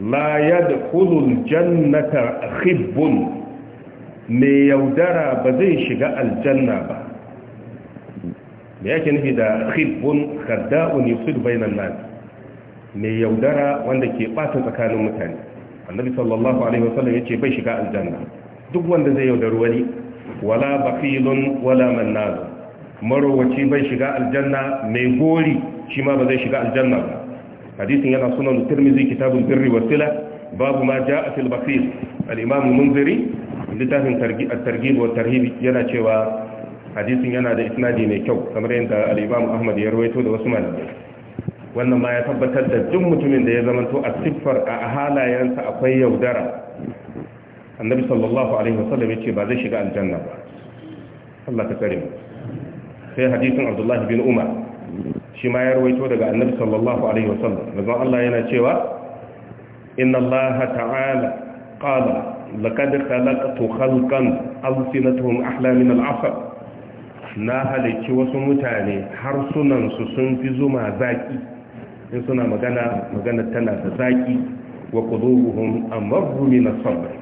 la yadkhulul jannata khibbun me yaudara ba zai shiga aljanna ba me yake nufi da khibbun khadda'un yusid bainan nas me yaudara wanda ke bata tsakanin mutane annabi sallallahu alaihi wasallam yace bai shiga aljanna duk wanda zai yaudari wani wala bakilun wala mannan marowaci bai shiga aljanna mai gori shi ma ba zai shiga aljanna ba hadisin yana sunan tirmizi Kitabun birri wasila babu ma ja'a fil bakil al-imam munziri littafin at-targhib wa tarhib yana cewa hadisin yana da isnadi mai kyau kamar yadda al-imam ahmad ya rawaito da wasu malamai wannan ma ya tabbatar da duk mutumin da ya zamanto a siffar a halayensa akwai yaudara annabi sallallahu alaihi wasallam ya ce ba zai shiga aljanna ba Allah ka tsare mu sai hadisin abdullahi bin umar shi ma ya rawaito daga annabi sallallahu alaihi wasallam manzon Allah yana cewa inna Allah ta'ala qala laqad khalaqtu khalqan alsinatuhum ahla min al'asr na halicci wasu mutane har harsunansu sun fi zuma zaki in suna magana magana tana da zaki wa qudubuhum amarru min as-sabr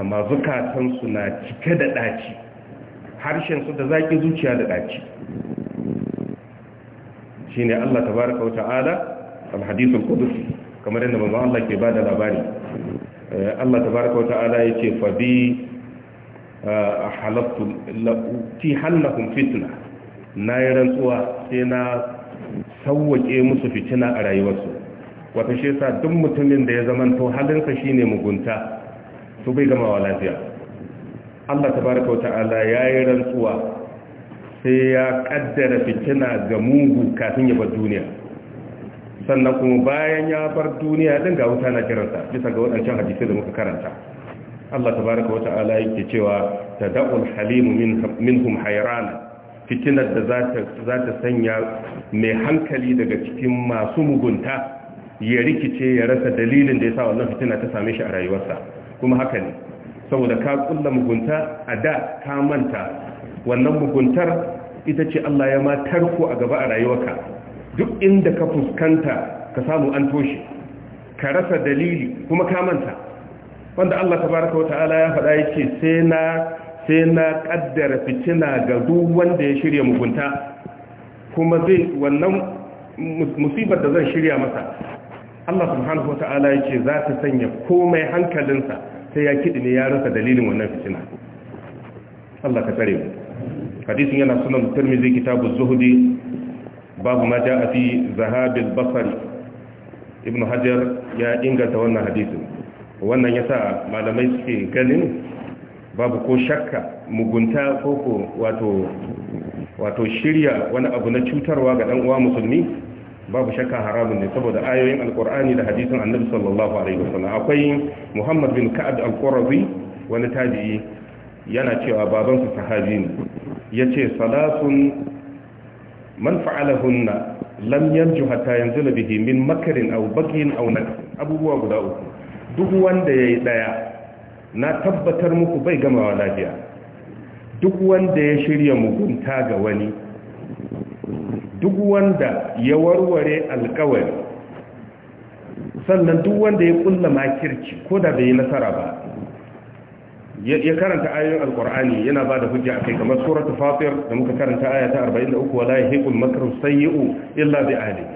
amma zukatansu na cike da ɗaci harshensu da zaƙi zuciya da ɗaci shi Allah ta baraka wa ta'ala alhadisul kamar yadda mazan Allah ke ba da labari eh, Allah ta baraka wa ta'ala ya ce fabi eh, a halattu ti hannahun fitna na yi rantsuwa sai na sauwaƙe musu fitina a rayuwarsu wata shi sa duk mutumin da ya zamanto halinsa shine mugunta to bai gamawa lafiya Allah tabaraka wata'ala yi rantsuwa sai ya kaddara fitina ga mugu kafin ya bar duniya sannan kuma bayan ya bar duniya din ga wuta na kiransa bisa ga waɗancan hadisai da muka karanta Allah tabaraka wata'ala yake cewa tada'ul halim minhum hayran fitinar da za ta sanya mai hankali daga cikin masu mugunta ya rikice ya rasa dalilin da ya sa wannan fitina ta same shi a rayuwarsa kuma haka ne saboda ka kulla mugunta a da ka manta wannan muguntar ita ce Allah ya matar ku a gaba a rayuwarka duk inda ka fuskanta ka samu an toshe ka rasa dalili kuma ka manta wanda Allah tabaraka wata'ala ya faɗa yake sai na sai na kaddara fitina ga duk wanda ya shirya mugunta kuma zai wannan musibar da zan shirya masa Allah subhanahu wata'ala yake za ta sanya komai hankalinsa sai ya kiɗi ne ya rasa dalilin wannan fitina Allah ka tsare mu hadisin yana sunan Tirmidhi kitabuz Zuhdi babu ma jaa fi zahabil basari Ibn Hajar ya inganta wannan hadisin wannan yasa malamai suke ganin babu ko shakka mugunta ko ko wato shirya wani abu na cutarwa ga dan uwa musulmi babu shakka haramun ne saboda ayoyin alkur'ani da hadisin annabi sallallahu alaihi wasallam akwai muhammad bin ka'ab al-qurazi wani tabi'i yana cewa su sahabi ne yace salatun man fa'alahunna lam yanju hatta yanzu bihi min makarin aw aw abubuwa guda uku duk wanda yayi daya na tabbatar muku bai gamawa lafiya duk wanda ya shirya mugunta ga wani duk wanda ya warware alkawari sannan duk wanda ya kulla makirci ko da bai nasara ba ya karanta ayoyin alkur'ani yana ba da hujja a kai kamar suratul fatir da muka karanta aya ta 43 wala yahiqul makru sayyi'u illa bi ahli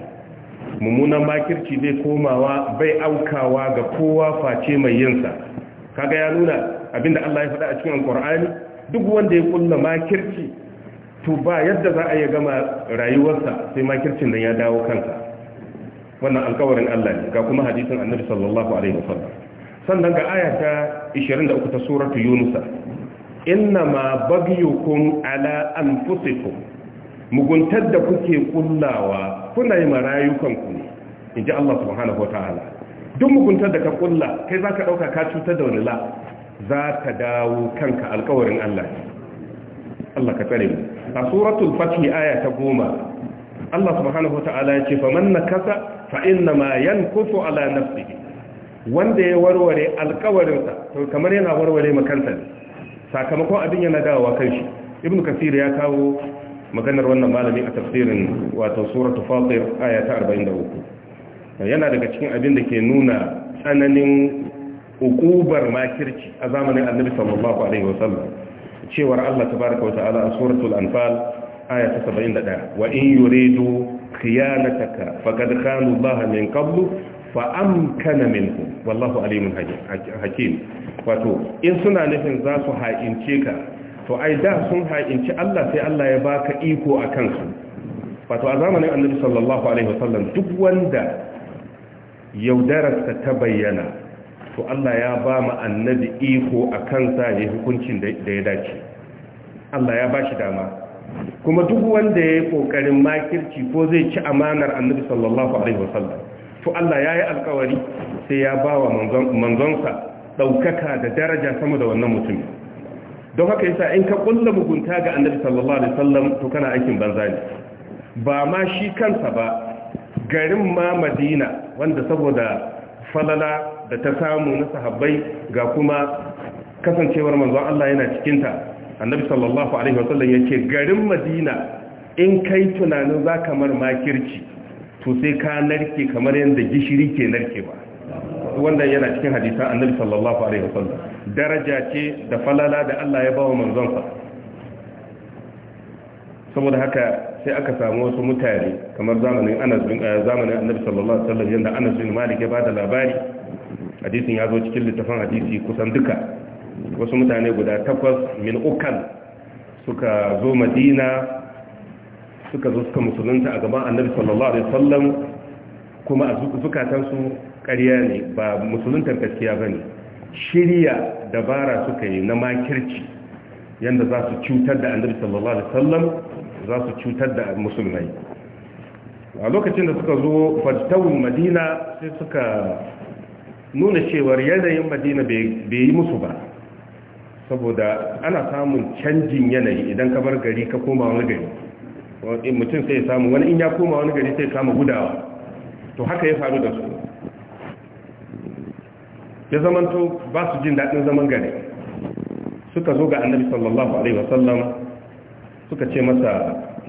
mummunan makirci bai komawa bai aukawa ga kowa face mai yinsa kaga ya nuna abinda Allah ya faɗa a cikin alkur'ani duk wanda ya kulla makirci to ba yadda za a yi gama rayuwarsa sai makircin nan ya dawo kansa wannan alkawarin Allah ga kuma hadisin annabi sallallahu alaihi wasallam sannan ga aya ta 23 ta suratu yunus ma bagyukum ala anfusikum muguntar da kuke kullawa kuna yi ku ne inji Allah subhanahu wataala duk muguntar da ka kulla kai zaka dauka ka cutar da wani la za ka dawo kanka alkawarin Allah Allah ka tsare mu a suratul fathi aya ta goma Allah subhanahu ta'ala ya ce faman nakasa fa inna ma yankusu ala nafsihi wanda ya warware alkawarinsa to kamar yana warware makansa ne sakamakon abin yana dawowa kan shi ibn kasir ya kawo maganar wannan malami a tafsirin wato suratu fatir aya ta 43 yana daga cikin abin da ke nuna tsananin hukubar makirci a zamanin annabi sallallahu alaihi wasallam cewar Allah tabaraka wata'ala a suratul anfal aya ta 71 wa in yuridu khiyanataka faqad khanu Allah min qablu fa amkana minhu wallahu alimun hakim wato in suna nufin za su ha'ince ka to ai da sun ha'inci Allah sai Allah ya baka iko a kansu wato a zamanin annabi sallallahu alaihi wasallam duk wanda yaudararsa ta bayyana to Allah ya ba mu annabi iko a kansa ya hukuncin da ya dace Allah ya ba shi dama kuma duk wanda ya yi kokarin makirci ko zai ci amanar annabi sallallahu alaihi wasallam to Allah ya yi alkawari sai ya ba wa manzonsa ɗaukaka da daraja sama da wannan mutum don haka yasa in ka ƙulla mugunta ga annabi sallallahu alaihi wasallam to kana aikin banza ne ba ma shi kansa ba garin ma madina wanda saboda falala da ta samu na sahabbai ga kuma kasancewar manzon Allah yana cikinta annabi sallallahu alaihi wasallam yace garin madina in kai tunanin za kamar makirci to sai ka narke kamar yadda gishiri ke narke ba wannan yana cikin hadisan annabi sallallahu alaihi wasallam daraja ce da falala da Allah ya bawa sa saboda haka sai aka samu wasu mutane kamar zamanin Anas bin eh, zamanin annabi sallallahu alaihi wasallam yanda Anas bin Malik ya bada labari hadisin ya zo cikin littafin hadisi kusan duka wasu mutane guda takwas min ukan suka zo madina suka zo suka musulunta a gaban annabi sallallahu alaihi wasallam kuma a su ƙarya ne ba musuluntar gaskiya bane shirya dabara suka yi na makirci yadda za su cutar da annabi sallallahu alaihi wasallam za su cutar da musulmai a lokacin da suka zo fajtawun madina sai suka nuna cewar yanayin madina bai yi musu ba saboda ana samun canjin yanayi idan ka bar gari ka koma wani gari mutum sai ya samu wani in ya koma wani gari sai kama gudawa to haka ya faru da su ya zamanto ba su jin daɗin zaman gari suka zo ga annabi sallallahu alaihi wasallam suka ce masa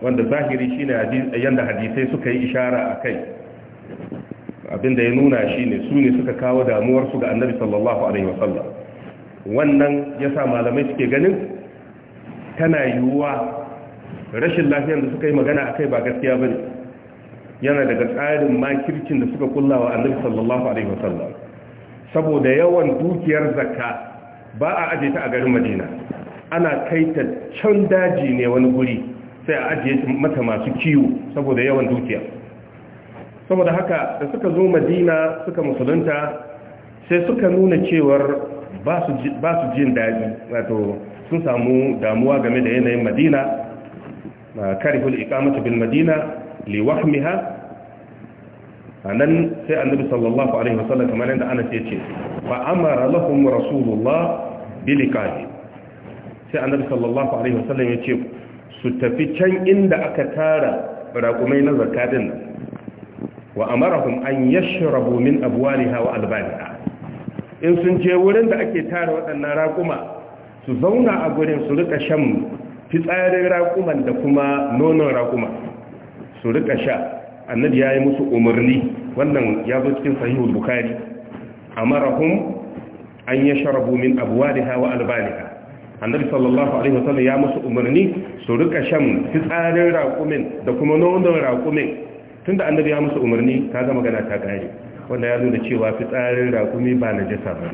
wanda zahiri shine yanda hadisai suka yi ishara a kai abinda ya nuna shine su ne suka kawo damuwarsu ga annabi sallallahu alaihi wasallam wannan ya sa malamai suke ganin tana yiwuwa rashin lafiyar da suka yi magana a kai ba gaskiya ba ne yana daga tsarin makircin da suka kulla wa annabi sallallahu alaihi wasallam saboda yawan dukiyar zakka ba a aje ta a garin madina ana kai ta can daji ne wani guri sai a ajiye mata masu kiwo saboda yawan dukiya saboda haka da suka zo madina suka musulunta sai suka nuna cewar ba su jin daɗi wato sun samu damuwa game da yanayin madina karihul iqamatu bil madina Liwahmiha. A nan sai annabi sallallahu alaihi wasallam kamar yadda ana ce ce fa amara lahum rasulullah biliqahi sai annabi sallallahu alaihi wasallam ya ce su tafi can inda aka tara raƙumai na zakadin nan wa amarahum an yashrabu min abwaliha wa albaniha in sun je wurin da ake tara waɗannan raƙuma su zauna a gurin su rika shan fitsarin raƙuman da kuma nonon raƙuma su rika sha annabi ya yi musu umarni wannan ya zo cikin sahihul bukari marahun an yi sharabu min da hawa albaniha annabi sallallahu alaihi wasallam ya musu umarni su rika shan fitsarin raƙumin da kuma nonon raƙumin tunda annabi ya musu umarni ta zama gana ta gare wanda ya nuna cewa fitsarin raƙumi ba na jasa ba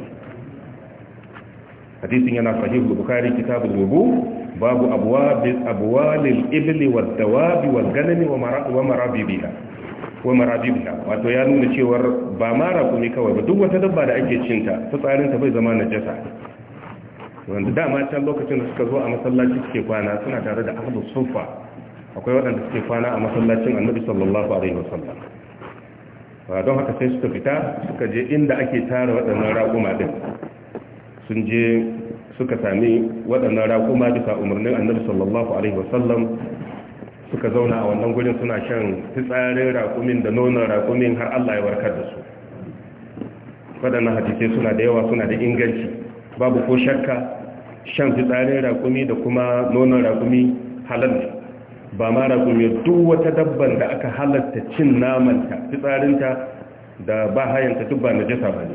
hadisin yana sahihul bukhari kitabu wudu babu abwab abwalil ibli wa dawabi wa ganami wa marabibiha wa marabibiha wato ya nuna cewa ba ma raƙumi kawai ba duk wata dabba da ake cinta fitsarin ta bai zama na jasa. wanda dama can lokacin da suka zo a masallaci suke kwana suna tare da ahlus sufa akwai waɗanda suke kwana a masallacin annabi sallallahu alaihi wasallam don haka sai suka fita suka je inda ake tara waɗannan raƙuma ɗin sun je suka sami waɗannan raƙuma bisa umarnin annabi sallallahu alaihi wasallam suka zauna a wannan gurin suna shan fitsarin raƙumin da nonon raƙumin har Allah ya warkar da su waɗannan hadisai suna da yawa suna da inganci babu ko shakka shan fitsarin raƙumi da kuma nonon raƙumi halal ne ba ma raƙumi duk wata dabban da aka halatta cin namanta fitsarinta da ba hayanta duk ba najasa ba ne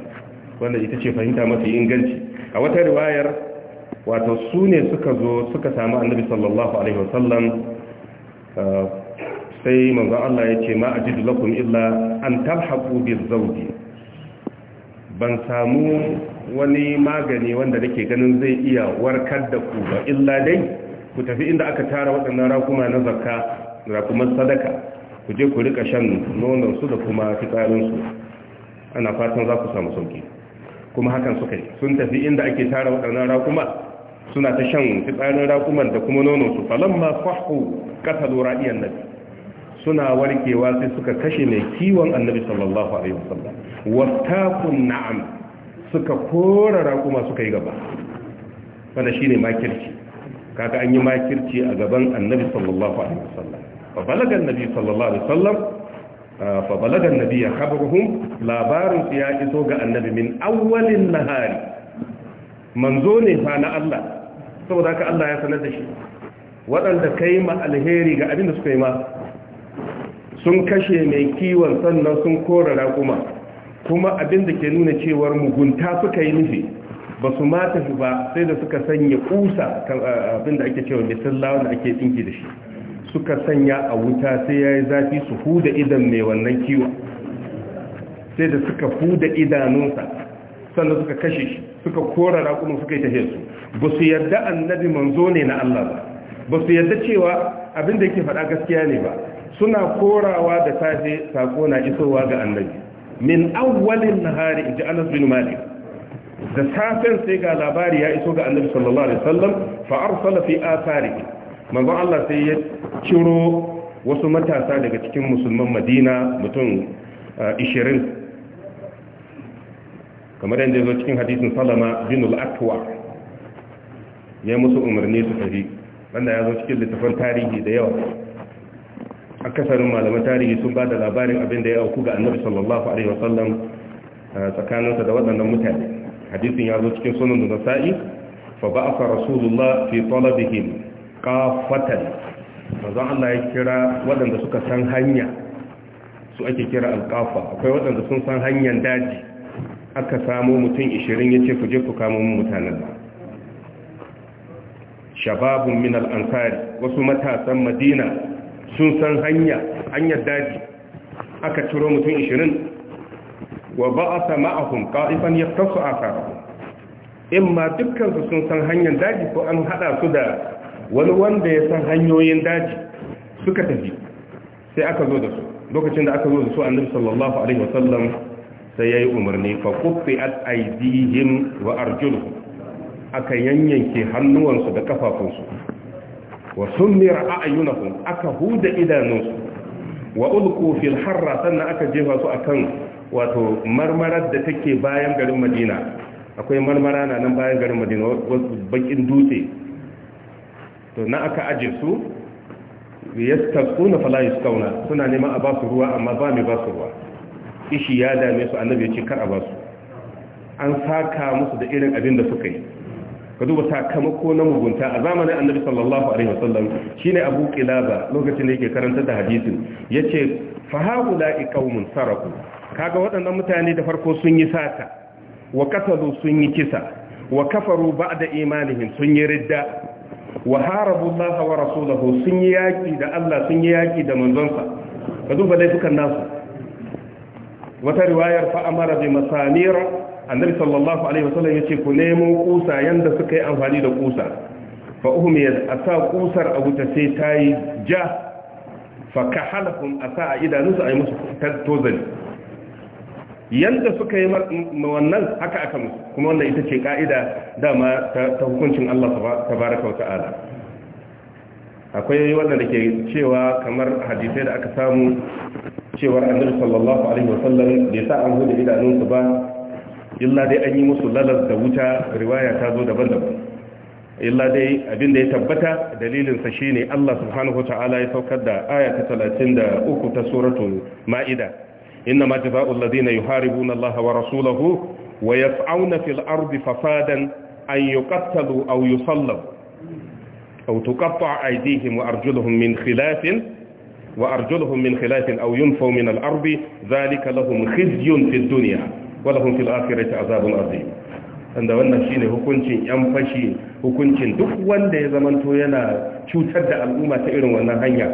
wanda ita ce fahimta mafi inganci a wata riwayar wato su ne suka zo suka samu annabi sallallahu alaihi wasallam uh, sai manzon Allah ya ce ma ajidu lakum illa an talhaqu bizawji ban samu wani magani wanda nake ganin zai iya warkar da ku ba illa dai ku tafi inda aka tara waɗannan rakuma na zakka rakuman sadaka ku je ku rika shan nonon su da kuma fitsarin su ana fatan za ku samu sauki kuma hakan suka yi sun tafi inda ake tara waɗannan rakuma suna ta shan fitsarin rakuman da kuma nonon su falamma fahu qatalu ra'iyan nabi suna warkewa sai suka kashe mai kiwon annabi sallallahu alaihi wasallam wastaqun na'am suka kora raƙuma suka yi gaba wanda shine makirci kaga an yi makirci a gaban annabi sallallahu alaihi wasallam fa balaga annabi sallallahu alaihi wasallam ah, fa balaga annabi ya khabaruhum labarin su ya iso ga annabi min awwalin nahari manzo ne fa na Allah saboda haka Allah ya sanar da shi waɗanda kai ma alheri ga abin da suka yi ma sun kashe mai kiwon sannan sun kora kuma, kuma abin da ke nuna cewar mugunta suka yi nufi ba su ma tafi ba sai da suka sanya kusa abinda ake cewa misalla da ake tsinki da shi suka sanya a wuta sai ya yi zafi su huda idan mai wannan kiwon sai da suka huda idanunsa sannan suka kashe shi suka kora raƙunan suka yi ta su ba su yarda annabi manzo ne na Allah ba ba su yarda cewa abinda da yake faɗa gaskiya ne ba suna korawa da safe sako na isowa ga annabi min awwalin nahari inji Anas bin Malik da safen sai ga labari ya iso ga annabi sallallahu alaihi wasallam fa arsala fi athari manzo Allah sai ya ciro wasu matasa daga cikin musulman Madina mutum 20 uh, kamar yadda yazo cikin hadisin Salama bin al-Aqwa ya musu umarni su tafi wanda ya cikin littafin tarihi da yawa akasarin malaman tarihi sun ba da labarin abin da ya auku ga annabi sallallahu alaihi wasallam uh, tsakaninsa da waɗannan mutane hadisin ya zo cikin sunan da nasa'i fa ba'atha rasulullah fi talabihim qafatan manzon Allah ya kira waɗanda suka san hanya su ake kira alkafa akwai waɗanda sun san hanyar daji aka samu mutum 20 yace ku je ku kamo mutanen nan shababun min al-ansari wasu matasan madina sun san hanya hanyar daji aka ciro mutum 20 wa ba'atha ma'ahum qa'ifan yaftasu asarahum imma dukkan su sun san hanyar daji ko an hada su da wani wanda ya san hanyoyin daji suka tafi sai aka zo da su lokacin da aka zo da su annabi sallallahu alaihi wasallam sai yayi umarni fa qutti'at aydihim wa arjuluhum aka yanyanke hannuwansu da kafafunsu wa summira a'yunuhum aka huda idanunsu wa ulqu fil harra sannan aka jefa su akan wato marmarar da take bayan garin madina akwai marmara na nan bayan garin madina wasu bakin dutse to na aka aje su ya tafsuna fala yaskauna suna neman a ba su ruwa amma ba mai su ruwa ishi ya dame su annabi ya ce kar a ba su. an saka musu da irin abin da suka yi ka duba sakamako na mugunta a zamanin annabi sallallahu alaihi wasallam shine abu kilaba lokacin da yake karanta da hadisin yace fa haula qaumun saraku kaga waɗannan mutane da farko sun yi sata wa qatalu sun yi kisa wa kafaru da imanihim sun yi ridda wa harabu wa rasulahu sun yi yaƙi da Allah sun yi yaƙi da manzonsa ka duba laifukan nasu wata riwayar fa bi masamira annabi sallallahu alaihi wasallam yace ku nemo kusa yanda suka yi amfani da kusa fa uhmiyat asa kusar a ta sai yi ja fa kahalakum asa idanusu yi musu tozali yanda suka yi wannan haka aka musu kuma wannan ita ce ka'ida dama ta hukuncin Allah tabaraka wata'ala akwai wannan da ke cewa kamar hadisai da aka samu cewar annabi sallallahu alaihi wasallam bai sa an hudu idanunsu ba illa dai an yi musu lalas da wuta riwaya ta zo daban-daban illa dai abin da ya tabbata dalilinsa shine Allah subhanahu wa ta'ala ya saukar da aya ta 33 ta suratul ma'ida إنما جزاء الذين يحاربون الله ورسوله ويسعون في الأرض فسادا أن يقتلوا أو يصلوا أو تقطع أيديهم وأرجلهم من خلاف وأرجلهم من خلاف أو ينفوا من الأرض ذلك لهم خزي في الدنيا ولهم في الآخرة عذاب عظيم wanda wannan shine hukuncin yan fashi hukuncin duk wanda ya zamanto yana cutar da al'umma ta irin wannan hanya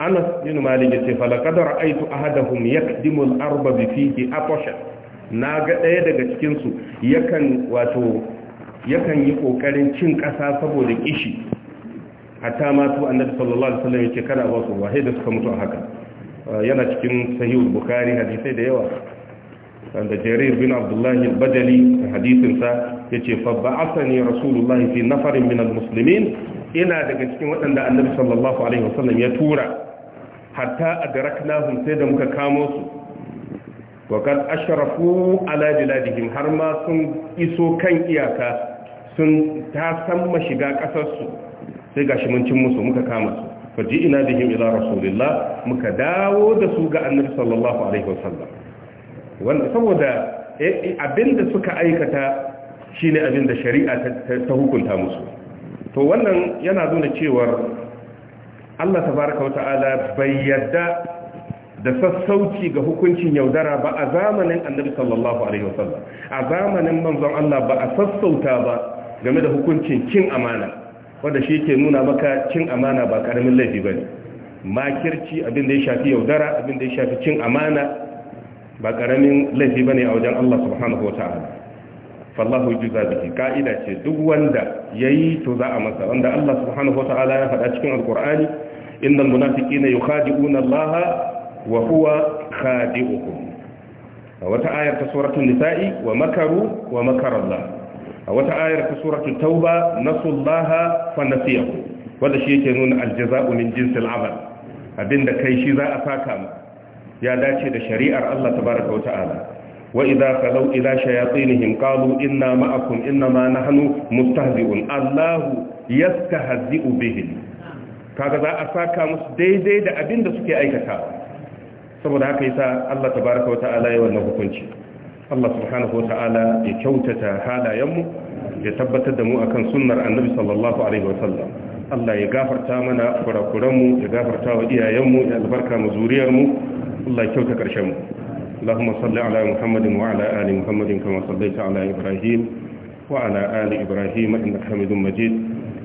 anas bin malik ce fa laqad ra'aytu ahadahum yakdimu al-arba bi fihi atasha naga daya daga cikin su yakan wato yakan yi kokarin cin ƙasa saboda kishi hatta ma su annabi sallallahu alaihi wasallam yake kana ba su wahai da suka mutu a haka uh, yana cikin sahih bukhari hadisai da yawa da jarir bin abdullahi al da hadisin sa yace fa ba'athani rasulullahi fi nafarin min al-muslimin ina daga cikin waɗanda annabi sallallahu alaihi wasallam ya tura hatta a adraknahum sai da muka kamo su wa kad ashrafu ala biladihim har ma sun iso kan iyaka sun ta san shiga kasar sai gashi mun cin musu muka kama su faji ina bihim ila rasulillah muka dawo da su ga annabi sallallahu alaihi wasallam wanda saboda eh, eh, abinda suka aikata shine abinda shari'a ta hukunta musu to wannan yana nuna cewar Allah tabaraka wa ta'ala bai yarda da sassauci ga hukuncin yaudara ba a zamanin annabi sallallahu alaihi wasallam a zamanin manzon Allah ba a sassauta ba game da hukuncin cin amana wanda shi yake nuna maka cin amana ba karamin laifi bane makirci abin da ya shafi yaudara abin da ya shafi cin amana ba karamin laifi bane a wajen Allah subhanahu wa fallahu yuza bihi ka'ida ce duk wanda yayi to za a masa wanda Allah subhanahu ta'ala ya faɗa cikin alqur'ani innal munafiqina yukhadi'una Allah wa huwa khadi'uhum a wata ayar ta suratul nisa'i wa makaru wa makara Allah a wata ayar ta suratul tauba nasullaha fa nasiyahu wanda shi yake nuna aljaza'u min jinsil amal abinda kai shi za a saka mu ya dace da shari'ar Allah tabaraka wa ta'ala wa idza qalu ila shayatinihim qalu inna ma'akum inna ma nahnu mustahzi'un Allahu yastahzi'u bihim kaga za a saka musu daidai da abin da suke aikata saboda haka yasa Allah tabaraka wata'ala ya wannan hukunci Allah subhanahu ta'ala ya kyautata halayenmu ya tabbatar da mu akan sunnar annabi sallallahu alaihi wa sallam Allah ya gafarta mana kurakuranmu ya gafarta wa iyayenmu ya albarka mu zuriyarmu Allah ya kyauta karshenmu mu اللهم صل على محمد وعلى آل محمد كما صليت على إبراهيم وعلى آل إبراهيم إنك حميد مجيد